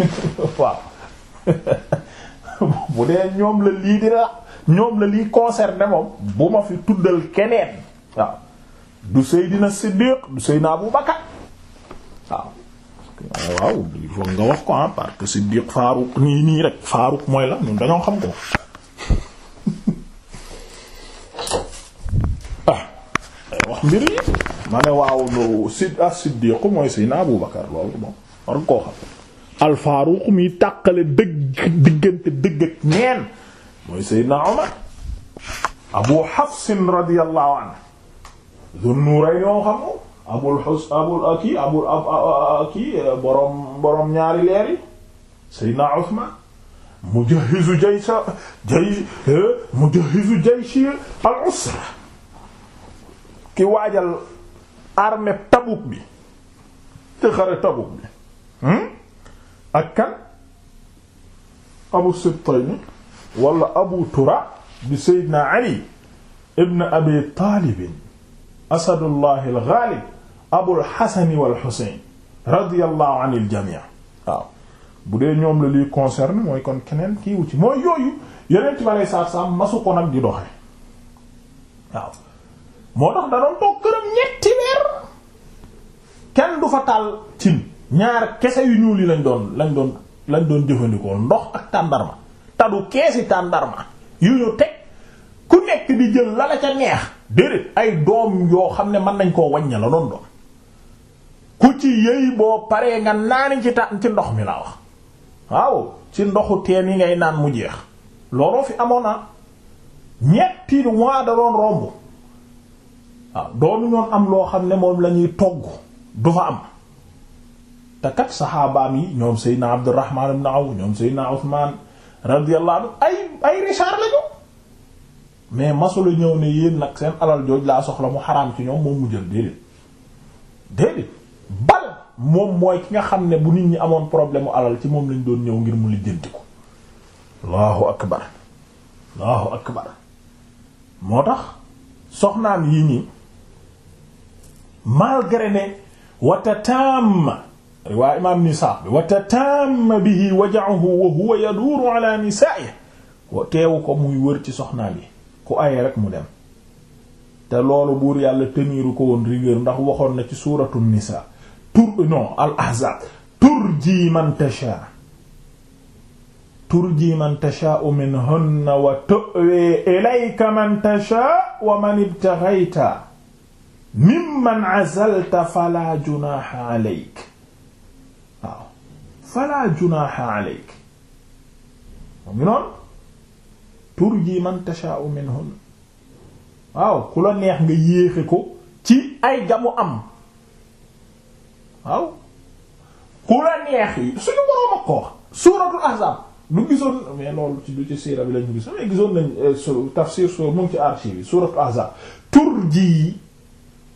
waaw bu dee ñoom la lii di la ñoom la liy concerné moom bu ma fi tuddal keneen waaw du Seydina Siddiq du Seydina Abu Bakar waaw waaw il nga wax ko ah parce que Siddiq Faruq nii nii rek Faruq mooy la ñun dañoo xam ko ah wax mbir yi waaw lu ah, Siddiq mooy Seydina Abu Bakar loolu moom war nga koo xam al Faruq mi tàqale dëgg diggante dëgg ak neen mooy Seydina Omar Abu Hafsin radiyallahu anhu Zul Nuurayn ñoo xam abul xus abul aki abul aki borom borom ñaari leer yi Seydina Usmaan mujahhizu jaysha jay mujahhizu jayshi al-usra ki waajal armée Tabuk bi te xare Tabuk bi hmm? ak kan Abu Sibtayni wala abu tura bi seydna ali ibn abi taalib asadullah alghalib abul xasani wal xuseyn radiyallahu anil jamii waaw bu dee ñoom la lii concerne mooy kon keneen kii ci mooy yooyu yeneen ci bare saar saam masu ko nag di doxe waaw moo tax da doon këram ñetti weer kenn du fa taal cin ñaar kese yu ñuul yi lañ doon lañ doon lañ doon jëfandikoo ndox ak tàndarma stadu keesi tàndarma yu ñu teg ku nekk di jël la la ca neex déedéet ay doom yoo xam ne mën nañ koo wàñña la doon doon ku ci yëy boo paree nga naani ci ta ci ndox mi laa wax waaw ci ndoxu teen yi ngay naan mu jeex looloo fi amoon na ah. ñetti mois da doon romb waaw doonu ñoon am loo xam ne moom lañuy togg du fa am te kat saxaabaam yi ñoom Seydina Abdurrahman ibn Awf ñoom Seydina Usman radiyallahu anhu ay ay Richard la mais masula ñëw ne yéen nag seen alal jooj laa soxla mu xaraam ci ñoom moom mu jël déedéet déedéet bal moom mooy ki nga xam ne bu nit ñi amoon problème mu alal ci moom lañ doon ñëw ngir mu lijjanti ko allahu akbar allahu akbar moo tax soxnaan yi nii malgré ne wata riwaa imaam nisaa bi wa tataamma bihi waja'uhu wa huwa yaduuru ala nisaa'i teewu ko muy wër ci soxnaam yi ku aye rek mu dem te loolu buur yàlla teniiru ko woon rigueur ndax waxoon na ci suuratu nisaa tur non al ahzaab turji man tashaa turji man tashaa'u minhunna wa tu'wi ilayka man tashaa'u wa man ibtaghayta mimman azalta falaa junaaha alayk fala junaha aleyk mu ngi noonu turji man tasha'u minhun waaw ku la neex nga yéexe ko ci ay gamu am waaw ku la neex yi suñu boroom ak ko suuratul ahzab du gisoon mais loolu ci du ci siira bi lañu gis mais gisoon nañ euh, tafsir soo mu ngi ci archive yi suuratul ahzab turji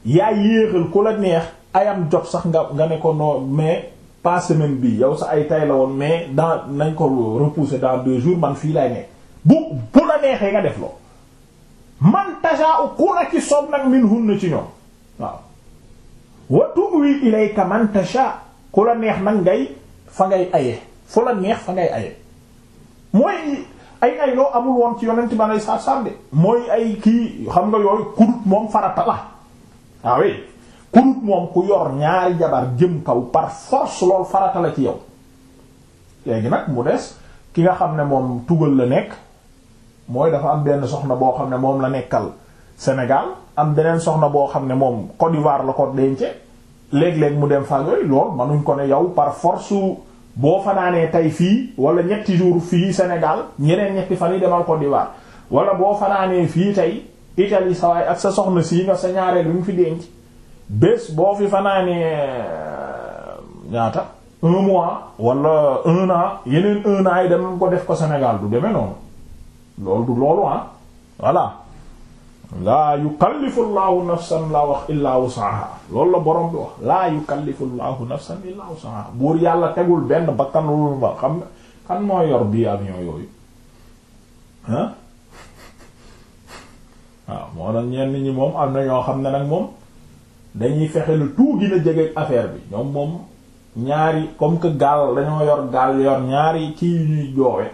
yaa yéexal ku la neex ayam job sax nga nga ne ko noo mais pas semaine bi yow sa ay tay la woon mais daa nañ ko repousser dans deux jours man fii lay nekk bu bu la neexee nga def loo man tashaa'u ku la ci soob nag min hunna ci ñoom waaw wa tuwi ilayka man tashaa ku la neex nag ngay fa ngay aye fu la neex fa ngay aye mooy ay ay amul woon ci yonent ba nay saar saar de mooy ay kii xam nga yooyu kudut moom farata la waaw ah kudut moom ku yor ñaari jabar jëm kaw par force lool farata la ci yow léegi nag mu des ki nga xam ne moom tugal la nekk mooy dafa am benn soxna boo xam ne moom la nekkal Sénégal am beneen soxna boo xam ne moom Côte la ko dence léeg-léeg mu dem fa yooyu lool manuñ ko ne yow par force boo fanaanee tey fii wala ñetti jour fii Sénégal ñeneen ñetti fan yi demal Côte d'Ivoire wala boo fanaanee fii tey Italie sawaay ak sa soxna sii nga sa ñaareel bi fi denc bés boo fi fanaanee euh, ñaata un mois wala yeneen un yi dem ko def ko Sénégal du deme noonu loolu du loolu ah voilà laa yukallifu llahu nafsan la wax illaa wusaha loolu la borom bi wax laa yukallifu llahu nafsan illaa wusaha buur yàlla tegul benn bakkan lu ba xam kan xam ne nag moom dañuy fexe lu tout gën jege affaire bi ñoom moom ñaari comme que gaal dañoo yor gaal yor ñaari kii yu ñuy joowe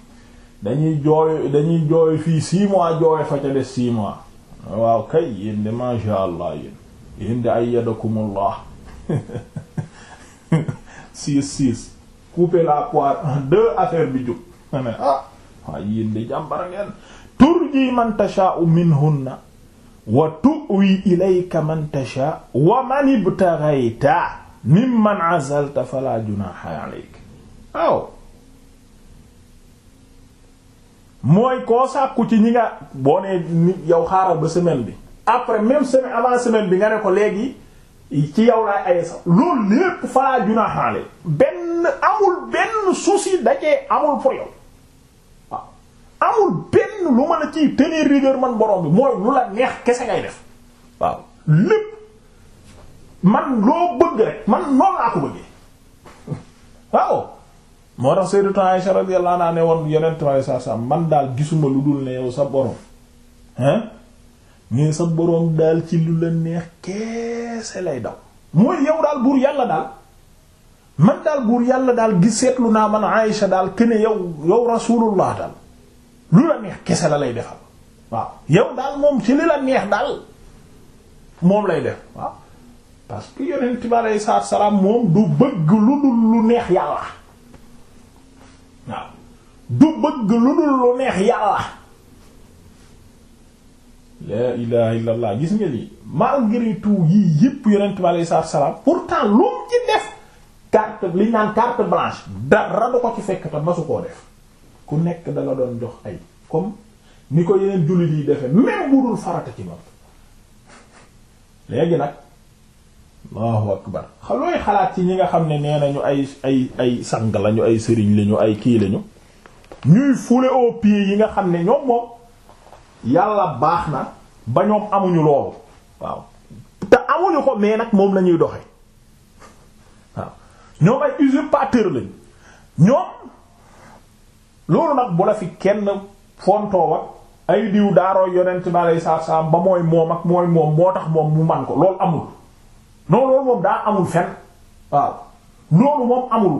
dañuy jooy dañuy jooy fii six mois jooy fa ca mois waaw kay yéen de masha allah yéen yéen de ayyadakumullah six la poire en deux affaire bi jóg ma ne ah waaw yéen de jàmbara ngeen turji man tasha'u wa tuwi ilayka man tasha wa man ibtaghayta mimman azalta fala junaha alayka mooy koo sàkku ci ñi nga boo nee xaaral ba semaine bi après même semaine avant semaine bi nga ne ko léegi ci yow laay ay sax loolu lépp fala junaha alayka benn amul benn souci da amul pour yow amul benn lu mën a ciy tenir rigueur man borom bi mooy lu la neex kese ngay def waaw lépp man loo bëgg rek man noonu laa ko bëggee waaw moo tax Sayyidatu Aisha radiyallahu anha ne woon yonent bi saa saa man daal gisuma lu dul ne yow sa borom hein mais sa borom daal ci lu la neex keese lay daw mooy yow daal buur yàlla daal man daal buur yàlla daal gis seetlu naa man Aisha daal que ne yow yow Rasulullah daal. lu la neex kese la lay defal waaw yow daal moom ci li la neex daal moom lay def waaw parce que yonent bi aleyhi salaatu salaam moom du bëgg lu dul lu neex yàlla waaw du bëgg lu dul lu neex yàlla la ilaha illallah gis nga lii malgré tout yii yépp yonent bi aleyhi salaam pourtant lu ci def carte li ñu naan carte blanche dara du ko ci fekk te masu koo def ku nekk da doon jox ay comme ni ko yeneen jullit yi defe même bu dul farata ci moom léegi nag allahu akbar looy xalaat ci ñi nga xam ne nee nañu ay ay ay sang lañu ay sëriñ lañu ay kii lañu ñuy foule au yi nga xam ne ñoom moom yàlla baax na ba ñoom amuñu loolu waaw te amuñu ko mais nag moom lañuy doxe waaw ñoom ay usurpateur lañu ñoom loolu nag bu la fi kenn fontoo ak ay diw daarooy yonent bi aleyhi salaatu salaam ba mooy moom ak mooy moom moo tax moom mu man ko loolu amul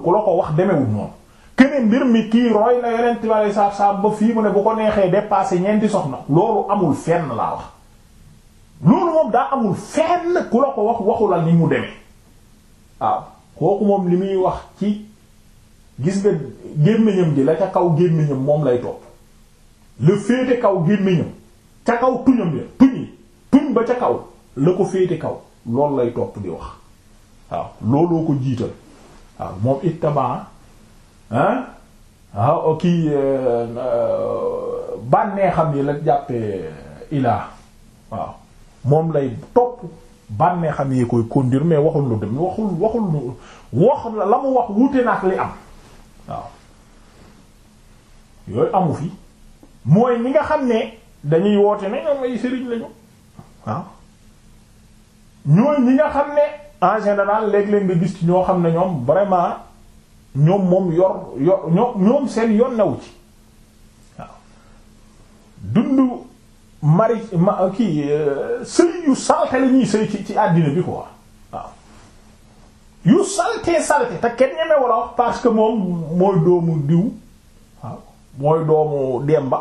ku la ko wax demewul noonu mi kii roy na yonent bi aleyhi salaatu soxna loolu amul fenn laa wax loolu moom daa amul fenn ku la ko wax waxu la ni mu demee waaw kooku moom li muy wax ci gis nga gémmiñam gi la ca kaw gémmiñam moom lay topp la féete kaw gémmiñam ca kaw tuñam ya tuñ tuñ ba ca kaw la ko féete kaw loolu lay topp di wax waaw looloo ko jiital waaw moom euh, euh, yi la jàppee ilaa waaw moom lay topp bànnee xam yi koy conduire mais waxul lu dem waxul waxul lu wax la mu wax wuute na ak li am waaw yooyu amu fi mooy ñi nga xam ne dañuy woote ne ñoom ay sëriñ lañu waaw ñooy ñi nga xam ne en général léeg-léeg nga gis ci ñoo xam ne ñoom vraiment ñoom moom yor ñoom seen yoon newu ci waaw dundu mari ma kii euh, sëy yu salte la ñuy sëy ci ci àddina bi quoi waaw yu saltee salte te kenn ñeme wala wax parce que moom mooy doomu diw waaw mooy doomu demba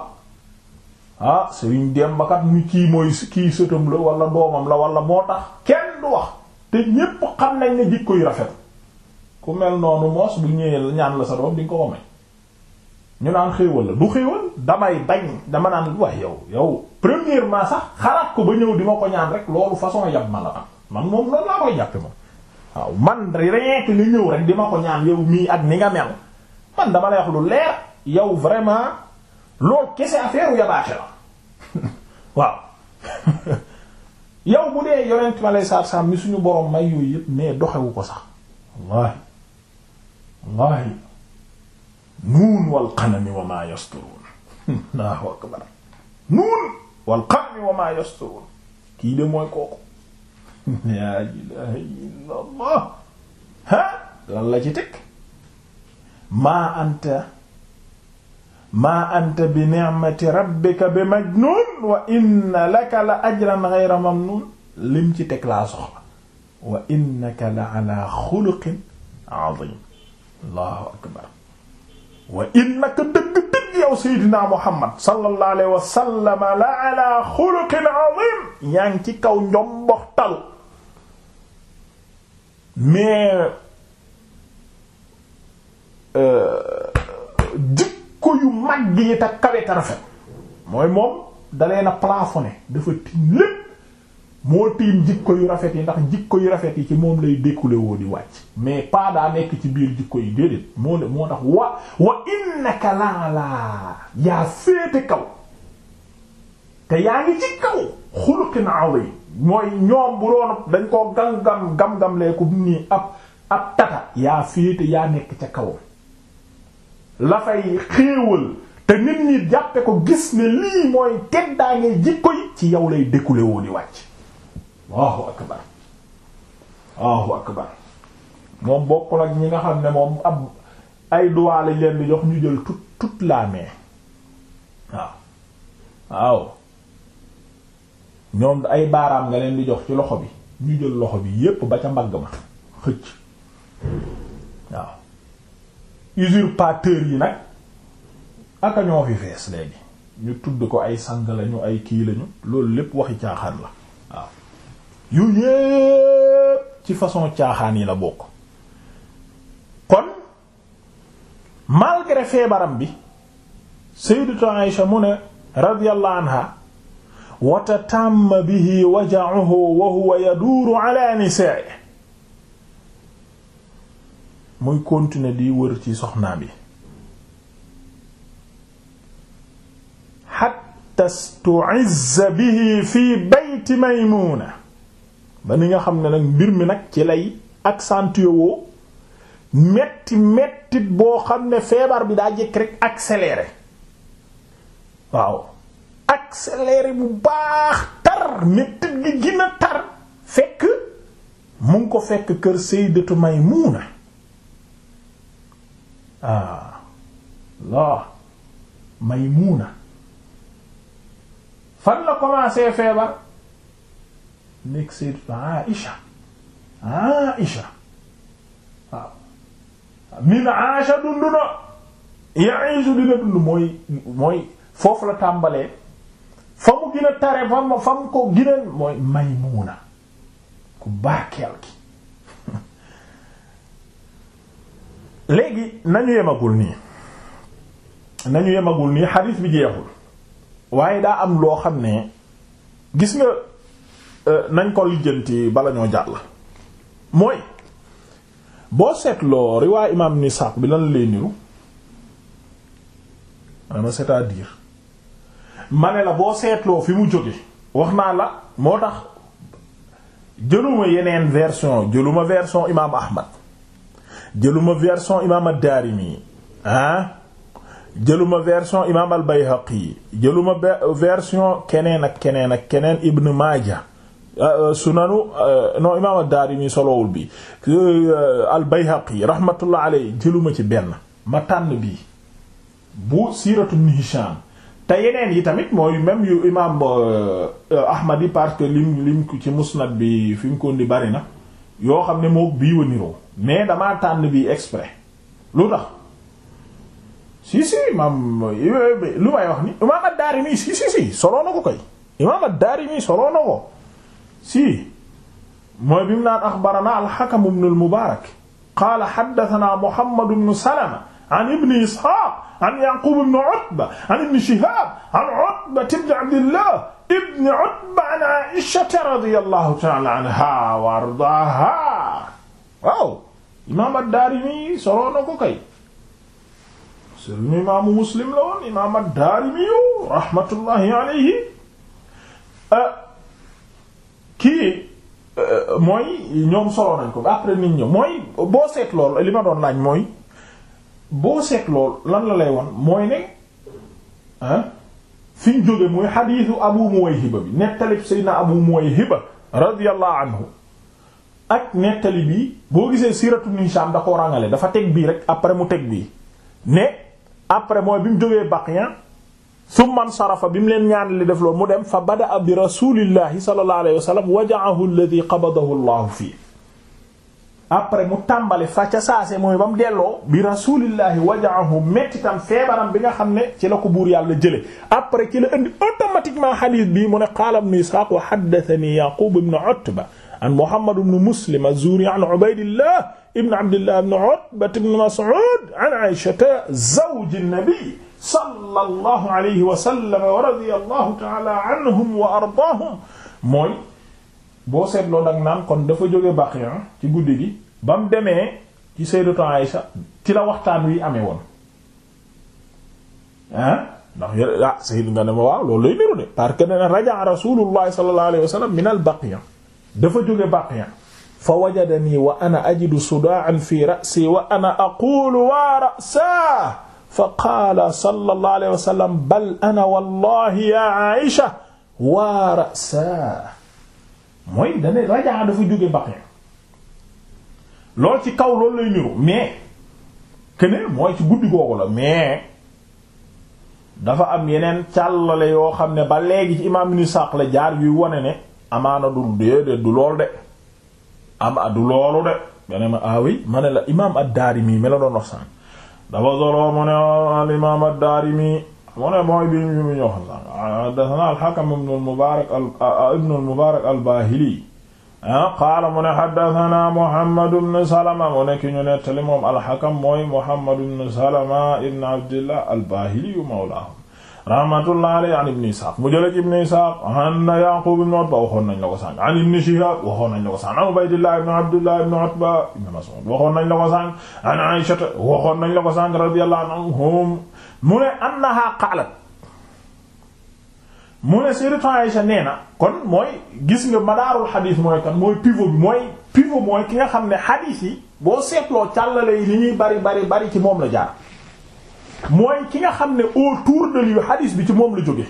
ah sëriñ demba kat ñu kii mooy kii sëtam la wala doomam la wala moo tax kenn du wax te ñépp xam nañ ne jikko yu rafet ku mel noonu moos bu ñëwee ñaan la sa doom di nga ko xamee ñu naan xéewal la du xéewal damay bañ dama naan waaye yow yow premièrement sax xalaat ko ba ñëw di ma ko ñaan rek loolu façon yab ma la man moom loolu laa koy jàppe moom waaw man rien que li ñëw rek di ma ko ñaan yow mii ak ni nga mel man dama lay wax lu leer yow vraiment loolu kese affaire yabaate la waaw yow bu dee yonent ma lay saar saam mi suñu borom may yooyu yëpp mais doxewu ko sax wallahi wallahi nuun wal qalami wa maa yasturuun Allahu akbar nuun wal qalami wa maa yasturuun kii de mooy kooku yaa ilaha illa allah ha lan la ci teg maa anta maa anta bi ni'mati rabbika bi majnun wa inna laka la ajran ghayra mamnun lim ci teg laa soxla wa innaka la ala xuluqin azim allahu akbar wa innaka dëgg-dëgg yow seydina muhammad sallallahu alayhi wa sallam la ala xuluqin azim yaa ngi ci kaw njomboxtal mais euh, jikko yu mag yi te kawe rafet mooy moom dalee na plafonné dafa tiim lépp moo tiim jikko yu rafet yi ndax jikko yu rafet yi ci moom lay dékkule woo di wàcc mais pas daa nekk ci biir jikko yi déedéet moo moo tax wa wa innaka laa laa yaa féete kaw te yaa ngi ci kaw xuluqin azim mooy ñoom bu doon dañ koo gam-gam gam-gam lee ko nii ab ab tata yaa féete yaa nekk ca kawam la fay xéewal te nit ñi jàppe ko gis ne lii mooy teddaa ngay jikko ci yow lay dékule woo di wàcc Allahu akbar Allahu akbar moom bokkul ak ñi nga xam ne moom ab ay duwaale leen di jox ñu jël tout toute la main waaw waaw ñoom ay baaraam nga leen di jox ci loxo bi ñu jël loxo bi yépp ba ca mbagg ma xëcc waaw usurpateur yi nag aka ñoo fi fees léegi ñu tudd ko ay sang lañu ay kii lañu loolu lépp waxi caaxaan la waaw yu yépp ci façon caaxaan yi la bokk kon malgré feebaram bi sayyidatu Aïsha mu ne radiyallahu anha wa tatamma bihi waja'uhu wa huwa yaduuru ala nisaa'i muy continuer di wër ci soxnaam yi hatta stu'izza bihi fi bayti Maymuna ba ni nga xam ne nag mbir mi nag ci lay accentuer woo metti mettit boo xam ne feebar bi daa jëkk rek accéléré waaw accéléré bu baax tar mettit gi gina tar fekk mu ko fekk kër sayyidatu Maymuna ah la Maymuna fan la commencé feebar nekk sayyidatu Aïsha Aïsha waaw min Aïsha dund na Aïsha dina dund mooy mooy foofu la tàmbalee fa mu gën a tare fa mu fa mu ko gën a mooy Maymuna ku barkeel ki léegi nañu yemagul nii nañu yemagul nii xadiis bi jeexul waaye daa am loo xam ne gis nga euh, nañ ko lijjanti bala ñoo jàll mooy boo seetloo riwaay imaam ni bi lan lay niru maanaam cest diir ma ne la boo seetloo fi mu jóge wax naa la moo tax jëluma yeneen version jëluma version imaam Ahmad jëluma version imaam ad-Daarimi ah jëluma version imaam al-Bayhaqi jëluma version keneen ak keneen ak keneen Ibn Maaja ah, ah, sunanu ah, non imaam ad-Daarimi solowul bi al yi rahmatullah alayhi jëluma ci benn ma tànn bii bu siiratu Ibn te yeneen yi tamit mooy même yu imaam euh, Ahmad yi parce que lim lim ci musnad bi fi mu ko di bari na yoo xam ne moo bii wa niroo mais damaa tànn bii exprès lu tax si si imaam euh, lu may wax ni imaam ad-Daarimi si si si soloo ko koy imaam ad-Daarimi soloo ko si mooy bi mu naan axbarana al-Hakam ibn al-Mubaarak qaala haddathanaa Muhammad ibn Salama an ibni Isxaaq an Yaquub ibn Utba an ibni Shihaab an Utba ibn Abdillah ibn Utba an Aysata radiyallahu ta'ala anha wa ardaaha waaw imaam ad-Daarimi soloo na ko kay sëriñ imaamu Muslim la woon imaam ad-Daarimi rahmatullahi alayhi kii mooy ñoom soloo nañ ko après nit ñi mooy boo seet lool li ma doon laaj mooy boo seet lool lan la lay won mooy ne ah fi ñu jóge mooy xadiisu Abu Muwayhiba bi nettalib Seydina Abu Muwayhiba radiyallahu ak nettali bi boo gisee siiratu Ibn Hisham da ko ràngale dafa teg bii rek après mu teg bii ne après mooy bi mu jógee Baqiya summan sarafa bi mu leen ñaan li def loolu mu dem fa bada bi rasulillahi sallallahu alayhi wa sallam waja'ahu alladhi qabadahu Allahu fii après mu tàmbali fa ca saase mooy ba mu delloo bi rasulillahi wajaahu mettitam feebaram bi nga xam ne ci la ko buur yàlla jële après ci la indi automatiquement xadiis bi mu ne qaala ibnu Isxaaq wa haddathani Yaaqub ibnu Utba an Muhammad ibnu Muslim az-Zuhri an Ubaydillah ibnu Abdillah ibnu Utba ibnu Mas'ud an Aysata zawji nabi sallallahu alayhi wa sallam wa radiyallahu ta'ala anhum wa ardaahum mooy boo seetloo nag naan kon dafa jóge Baqiya ci guddi gi ba mu demee ci Sayyidatu Aïsha ci la waxtaan wi amee woon ah ndax y ah nga ne ma waaw loolu lay de parce que nena raja Rasulullah min al Baqiya dafa jóge Baqiya fa wajadani wa ana ajidu sudaan fi ra'si wa ana aqulu waa ra'sa fa qaala sallallahu alayhi ana wallahi ya Aïsha waa ra'sa mooy dane rajaa dafa jóge baqee loolu ci kaw loolu lay niru mais keneen mooy ci guddi googu la mais dafa am yeneen càllale yoo xam ne ba léegi ci imaam ibn Isaaq la jaar yuy wone ne amaana du déedéet du lool de am a ah, du loolu de beneen ma aawéy ah ma ne la imaam ad-Daarimi mi la doon wax saan dafa solo mu ne al ah, imaam ad-Daarimi mu ne mooy bi ñu ñu wax ah, haddathana al-Hakam ibn al-Mubarak ah, ah, ibn al-Mubarak al-Bahili qaala mu ne haddathana Muhammad ibn Salama mu ne ki ñu nettali moom al-Hakam mooy Muhammad ibn Salama ibn Abdillah al-Bahili mawlaahum rahmatullahi alayhi an ibn Ishaq mu jële ci ibn Ishaq an Yaqub ibn Utba waxoon nañ la ko sànq an ibn Shihab waxoon nañ la ko sànq an Ubaydillah ibn Abdullah ibn Utba ibn Mas'ud waxoon nañ la ko sànq an Aisha waxoon nañ la ko sànq radiyallahu anhum mu ne annaha qaalat mu ne sayyidatu Aisha nee na kon mooy gis nga madaarul xadiis mooy kon mooy pivot bi mooy pivot mooy ki nga xam ne xadiis yi boo seetloo càllale yi li ñuy bari bari bari ci moom la jaar mooy ki nga xam ne autour de lui xadiis bi ci moom la jóge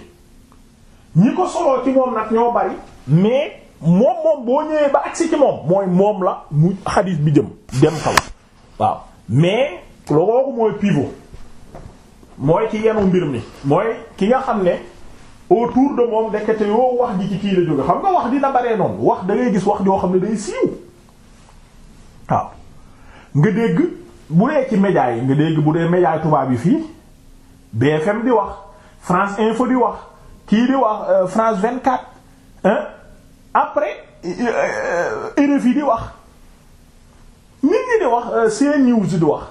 ñi ko soloo ci moom nag ñoo bari mais moom moom boo ñëwee ba agsi ci moom mooy moom la mu xadiis bi jëm dem kaw waaw mais loolu mooy pivot mooy ci yenu mbir mi mooy ki nga xam ne autour de moom ndekete yoo wax ji ci kii la jóge xam nga wax dina baree noonu wax da gis wax joo xam ne day siiw waaw nga dégg bu dee ci médias yi nga dégg bu dee médias tubaab yi fii BFM di wax France Info di wax kii di wax euh, France 24 hein après euh, euh, RFI di wax nit ñi di wax CNews di wax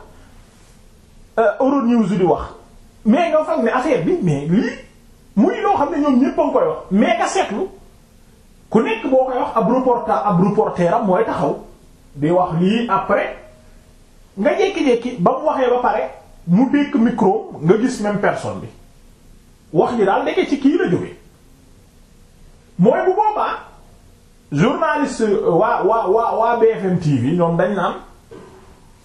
Euronews di wax mais nga xam ne affaire bi mais lii muy loo xam ne ñoom ñépp koy wax mais nga seetlu ku nekk boo koy wax ab reporter ab reporter am mooy taxaw di wax lii après nga jékki-jékki ba mu waxee ba pare mu dékk micro nga gis même personne bi wax ji daal nekkee ci kii la jógee mooy bu boobaa journaliste euh, waa waa waa BFM TV ñoom dañ naan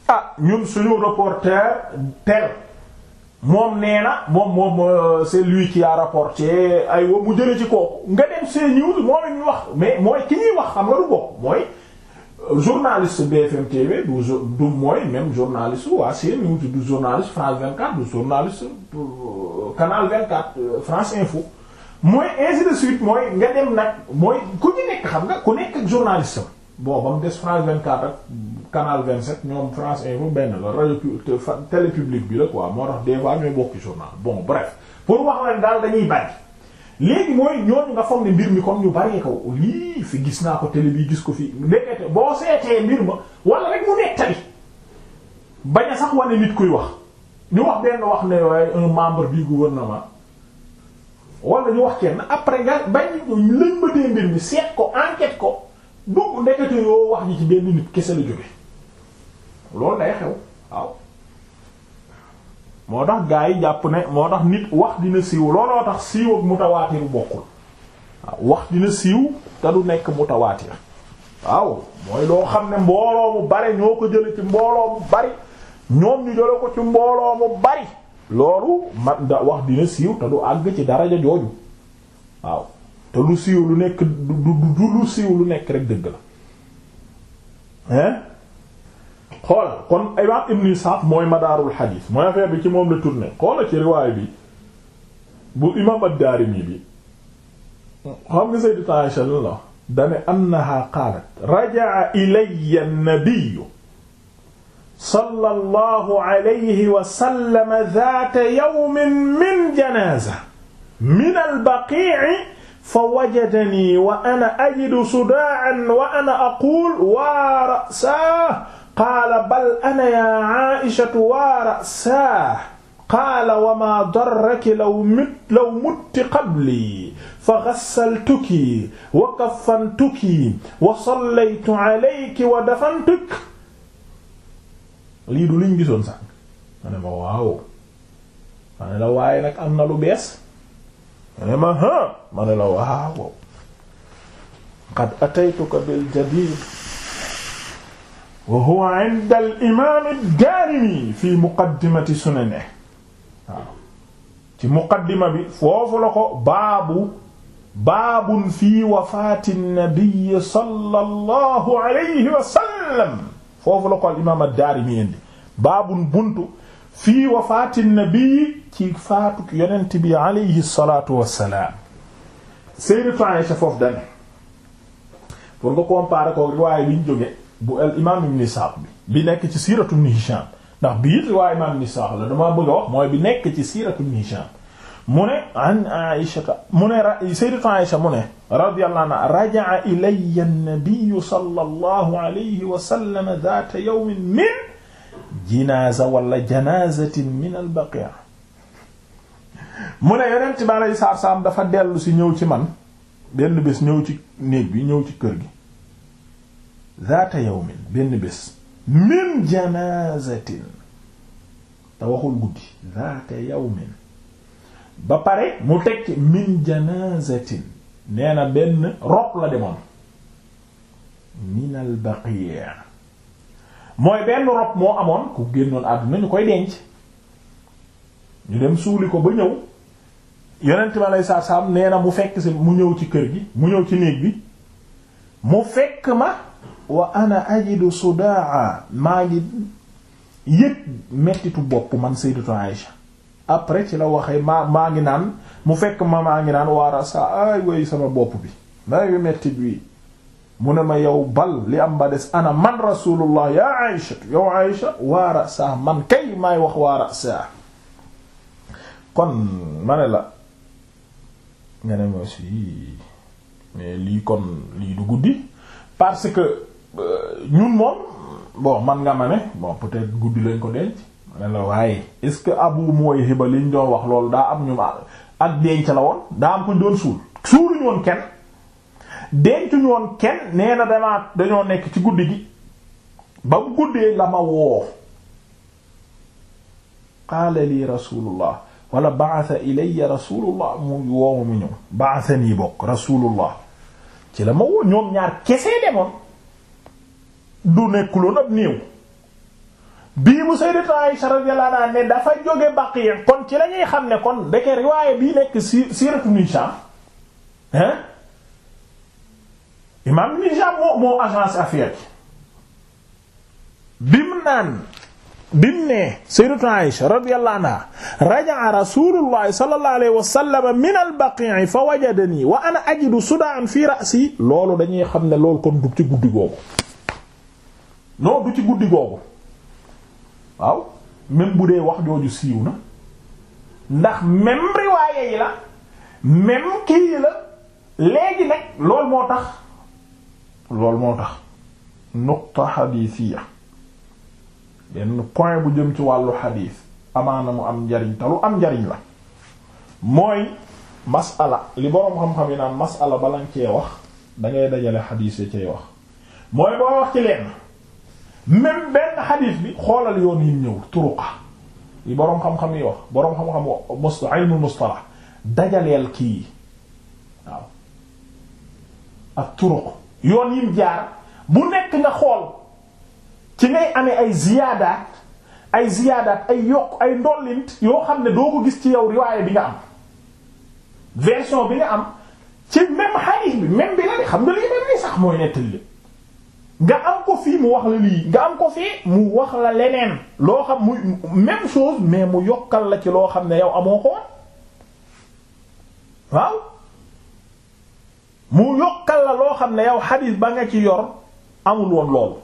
ah ñun suñu reporter tel moom nee na moom moom euh, c'est lui qui a rapporté ay wa mu jële ci ko nga dem see news moom ñu wax mais mooy ki ñuy wax xam nga du bokk mooy euh, journaliste BFM TV du du mooy même journaliste waa seen news du journaliste France 24 du journaliste euh, Canal 24 France Info mooy ainsi de suite mooy nga dem nag mooy ku ñu nekk xam nga ku nekk ak journaliste bon ba mu des France 24 ak canal 27 ñoom France Info benn la rajo télé publique bi la quoi moo tax des fois ñooy bokk journal bon bref pour wax leen daal dañuy bari léegi mooy ñooñu nga foog ne mbir mi comme ñu baree ko lii fi gis naa ko télé bi gis ko fi ndekete boo seetee mbir ma wala rek mu nettali bañ sax wane nit kuy wax ñu wax benn wax ne waaye un membre du gouvernement wala ñu wax kenn après nga bañ ñu ma dee mbir mi seet ko enquête ko. bu ndekete yoo wax ji ci benn nit kese la jóge loolu day xew waaw moo tax gaa yi jàpp ne moo tax nit wax dina siiw looloo tax siiw ak mutawaatir bokkul waaw wax dina siiw te du nekk mutawaatir waaw mooy loo xam ne mbooloo mu bari ñoo ko jële ci mbooloo mu bari ñoom ñu jële ko ci mbooloo mu bari loolu man da wax dina siiw te du àgg ci daraja jooju waaw te lu siiw lu nekk du lu siiw lu nekk rek dëgg la hein xoolal kon imaam ibn Isaaq mooy madaarul xadiis mooy affaire bi ci moom la tourné xoolal ci riwaay bi bu imaam ad-Daarimi bi xam nga sayyidatu Aisha lan la dane annaha qaalat raja'a ilayya an-nabiyyu sallallahu alayhi wa sallam dhaata yawmin min janaaza min al-baqii'i fa wajadanii wa ana ajidu sudaa'an wa ana aquul waa ra'saah qaala bal ana yaa aa'ishatu waa ra'saah qaala wa maa darraki law mit law mutti qablii fa ghassaltuki wa kaffantuki wa sallaytu alayki wa dafantuki lii du liñ gisoon sax ma ne ma waaw ma ne la waaye nag am na lu bees ne ma ha ma ne la waaw qad ataytuka bil jadid wa huwa inda al imam ad-Daarimi fi muqaddimati sunanihi waaw ci muqaddima bi foofu la ko baabu baabun fi wafaati an-nabi sallallahu alayhi wa sallam foofu la ko al imam ad-Daarimi indi baabun buntu fii wafaati nabii ci faatu yonent bi alayhi salaatu wassalaam sayyidatu Aisha foofu dane pour nga comparer ko riwaaye bi ñu jóge bu al imaam ibn Isaaq bi bi nekk ci siiratu ibn Hishaam ndax bii riwaaye imaam ibn Isaaq la dama bëgg a wax mooy bi nekk ci siiratu ibn Hishaam mu ne an Aisha mu ne sayyidatu Aisha mu ne radiyallahu anha raja'a ilayya an-nabiyyu sallallahu alayhi wa sallam dhaata yawmin min jinaaza wala janaazatin min al baqi' mu ne yonent bi aleyhi salaatu salaam dafa dellu si ñëw ci man benn bés ñëw ci néeg bi ñëw ci kër gi zaata yawmin benn bés min janaazatin te waxul guddi zaata yawmin ba pare mu teg min janaazatin nee na benn rob la demoon min al mooy benn rob moo amoon ku génnoon àdduna ñu koy denc ñu dem suuli ko ba ñëw yonent bi aleyhi salaatu salaam nee na mu fekk si mu ñëw ci kër gi mu ñëw ci néeg bi mu fekk ma wa ana ajidu sudaa maa ngi yëg mettitu bopp man sayyidatu Aïsha après ci la waxee maa maa ngi naan mu fekk ma maa ngi naan waara sa ay way sama bopp bi may wi mettit wi mu ne ma yow bal li am ba ana man rasulullah ya Aïcha yow Aïcha waara saa man kay maay wax waara saa kon ma ne la nga ne ma si mais lii kon lii du guddi parce que euh, ñun moom bon man nga ma ne bon peut-être guddi lañ ko denc ma ne la waaye est-ce que abu mooy xiba liñ doon wax loolu daa am ñu ma ak denc la woon daa am kuñ doon suul suuluñ woon kenn dencuñu woon kenn nee na dañoo nekk ci guddi gi ba mu guddee la ma woo qaala lii rasulullah wala ba'atha ilayya rasulullah mu woowu mu ñëw nii bokk rasulullah ci la ma woo ñoom ñaar kese demoon du nekkuloon ab néew bii mu sayyidatu Aisha radiyallahu anha ne dafa jóge Baqi' kon ci la xam ne kon ndeke riwaaye bii nekk si siratu Hisham imam Ibn Hisham moo moo agence affaire bi mu naan bimu ne sayyidatu Aisha radiyallahu anha raja'a rasulullahi sallallahu alayhi wa sallam min al fa wajadani wa ana ajidu fi ra'si loolu dañuy xam ne loolu kon du ci guddi googu non du ci guddi googu waaw même bu dee wax jooju siiw na ndax même riwaaye la même kii la léegi nag loolu moo tax loolu moo tax nuqta xadiisiya benn point bu jëm ci wàllu xadiis amaana mu am njariñ te lu am njariñ la mooy masala li boroom xam-xam yi naan masala balañ cee wax dangay dajale xadiis ya cee wax mooy boo wax ci leen même benn xadiis bi xoolal yoon yi ñëw turuqa li boroom xam-xam yi wax boroom xam-xam must ilmul mustalah dajaleel kii yi waaw ak turuq yoon yim jaar bu nekk nga xool ci ngay amee ay ziyaadaat ay ziyaadaat ay yokk ay ndollint yoo xam ne doo ko gis ci yow riwaaye bi nga am version bi nga am ci même hadith bi même bi la de xam nga lii même li sax mooy nettali nga am ko fii mu wax la lii nga am ko fii mu wax la leneen loo xam muy même chose mais mu yokkal la ci loo xam ne yow amoo ko waaw mu yokkal la loo xam ne yow xadiis ba nga ci yor amul woon loolu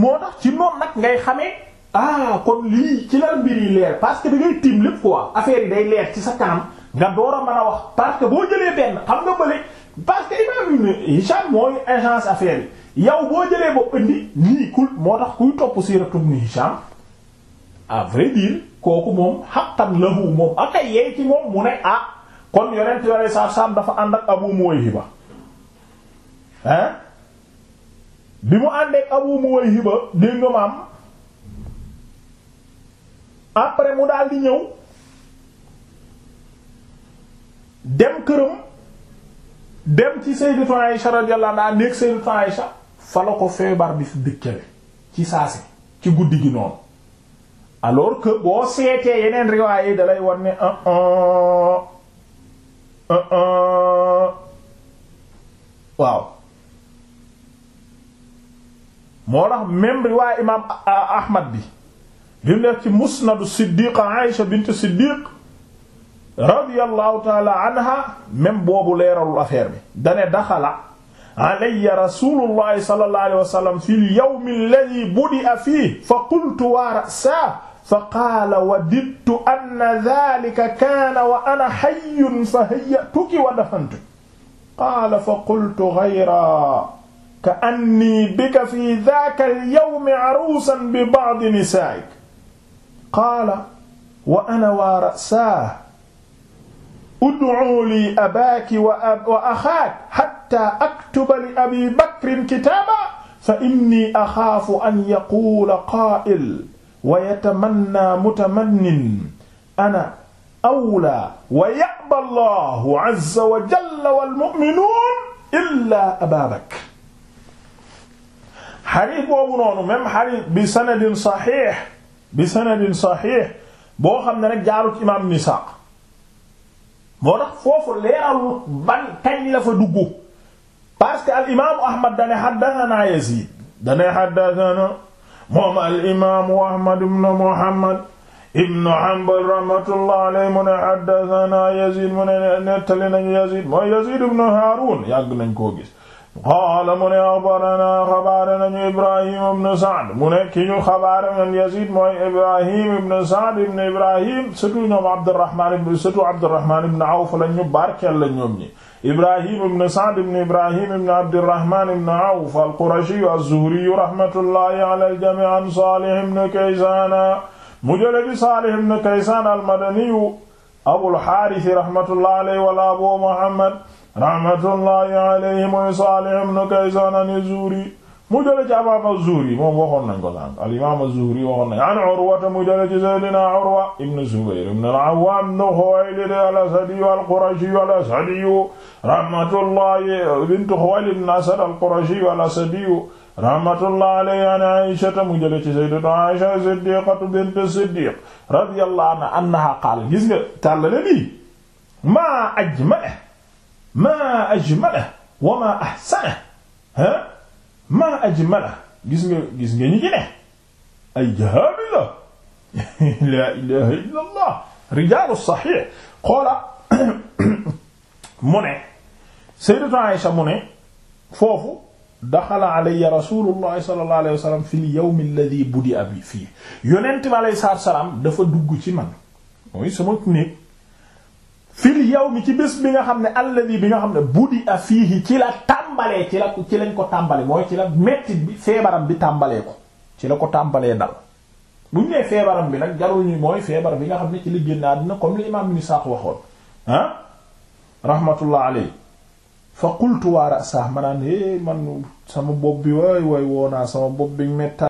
moo tax ci noonu nag ngay xamee ah kon lii ci la mbir yi leer parce que da ngay tiim lépp quoi affaire yi day leer ci sa kanam nga door a mën a wax parce que boo jëlee benn xam nga bële parce que imam ibn Hisham mooy agence affaire yi yow boo jëlee ba indi nii kul moo tax kuy topp siiratu ibn Hisham à vrai kooku moom xaqan lahu moom akay yeey ci moom mu ne ah kon yonent bi aleyhi salaatu dafa ànd ak Abu Muwayhiba hein bi mu ànd ak Abu Muwayhiba dégg nga maam après mu daal di ñëw dem këram dem ci Sayyidatu Aisha radiyallahu anha nekk Sayyidatu Aisha fa la ko feebar bi dikkale ci saasi ci guddi gi noonu alors que boo seetee yeneen riwaay yi dalay war ne ah, ah, Uh-uh. waaw moo tax même riwaaya imaam Ahmad bi bi mu def ci musnadu siddiqa Aïsha bint Siddiq radiyallahu taala anha même boobu leeralul affaire bi dane daxala alayya rasulullahi sallallahu alayhi wa sallam fi al yawm alladhi budi'a fihi fa qultu wa ra'sa fa qaala wadidtu anna dhalika kaana wa ana hayyun fa hayyatuki wa dafantuki qaala fa qultu ghayra ka anni bika fi dhaka al-yawmi aruusan bi ba'di nisaa'ik qaala wa ana wa ra'saah ud'uu lii abaaki wa axaaki hattaa aktuba li abii bakrin kitaaban fa innii axaafu an yaquula qaa'il wa yatamanna mutamannin ana awla wa ya'ba allahu azza wa jalla wal mu'minuun illa aba bakr xadis boobu noonu même xadis bi sanadin saxiix bi sanadin saxiix boo xam ne nag jaarut imaam Ibn Isaaq moo tax foofu leeralul ban kañ la fa dugg parce que al imaamu Ahmad dane haddasanaa Yaziid dane haddasanaa moom al imaamu ahmad ibn muhammad ibn hanbal rahmatullah alayhi mu ne haddathana yazid mu ne nettali nañu yazid mooy yazid ibn haarun yàgg nañ koo gis qaala mu ne axbarana xabaare nañu ibrahim ibn saad mu ne ki ñu xabaare nañu yazid mooy ibrahim ibn saad ibn ibrahim surtout ñoom abdurrahman surtout abdurrahman ibn awf la ñu barkeel la ñoom ñi Ibrahim ibn Sa'd ibn Ibrahim ibn Abdirrahman ibn Awf al-Qurashi az-Zuhri rahmatullahi ala al-jami' an Salih ibn Kaysan mu jële bi Salih ibn Kaysan al-Madani Abul Harith rahmatullahi alayhi wala Abu Muhammad rahmatullahi alayhi mooy Salih ibn Kaysan az-Zuhri mu jële ci imaam az-Zuhri moom waxoon nañ ko sànq al imaam az-Zuhri waxoon nañ an Urwa mu jële ci Seydina Urwa ibn Zubayr ibn al-Awwam ibn Khuwaylid al-Asadi al-Qurashi al-Asadi rahmatullahi bint Khuwaylid ibn Asad al-Qurashi al-Asadi rahmatullah alayhi an Aysata mu jële ci Sayyidatuna Aysa Siddiqatu bint Siddiq radiyallahu anha annaha qaala gis nga tàllale lii maa ajma'ahu maa ajma'ahu wa maa ahsanahu maa ajmala gis nga gis nga ñi ci ne ay jahabi la la ilaha illa allah rijaalu saxiix xoola mu ne sayyidatu Aisha mu ne foofu daxala alayya rasulullahi sallallahu alayhi wa sallam fil yawm alladhi budi'a bi fii yonent bi alayhi salaatu wa salaam dafa dugg ci man mooy sama néeg fil mi ci bés bi nga xam ne alladi bi nga xam ne budi a fiihi ci la tàmbalee ci la ci lañ ko tàmbalee mooy ci la mettit bi feebaram bi tàmbalee ko ci la ko tàmbalee dal buñ nee feebaram bi nag jarul mooy feebar bi nga xam ne ci li génn àddina comme li imaam ni saax waxoon ah rahmatullah alayhi fa qultu waa rasaah manaan é eh, man sama bopp bi waay waay woonaa sama bopp bi metta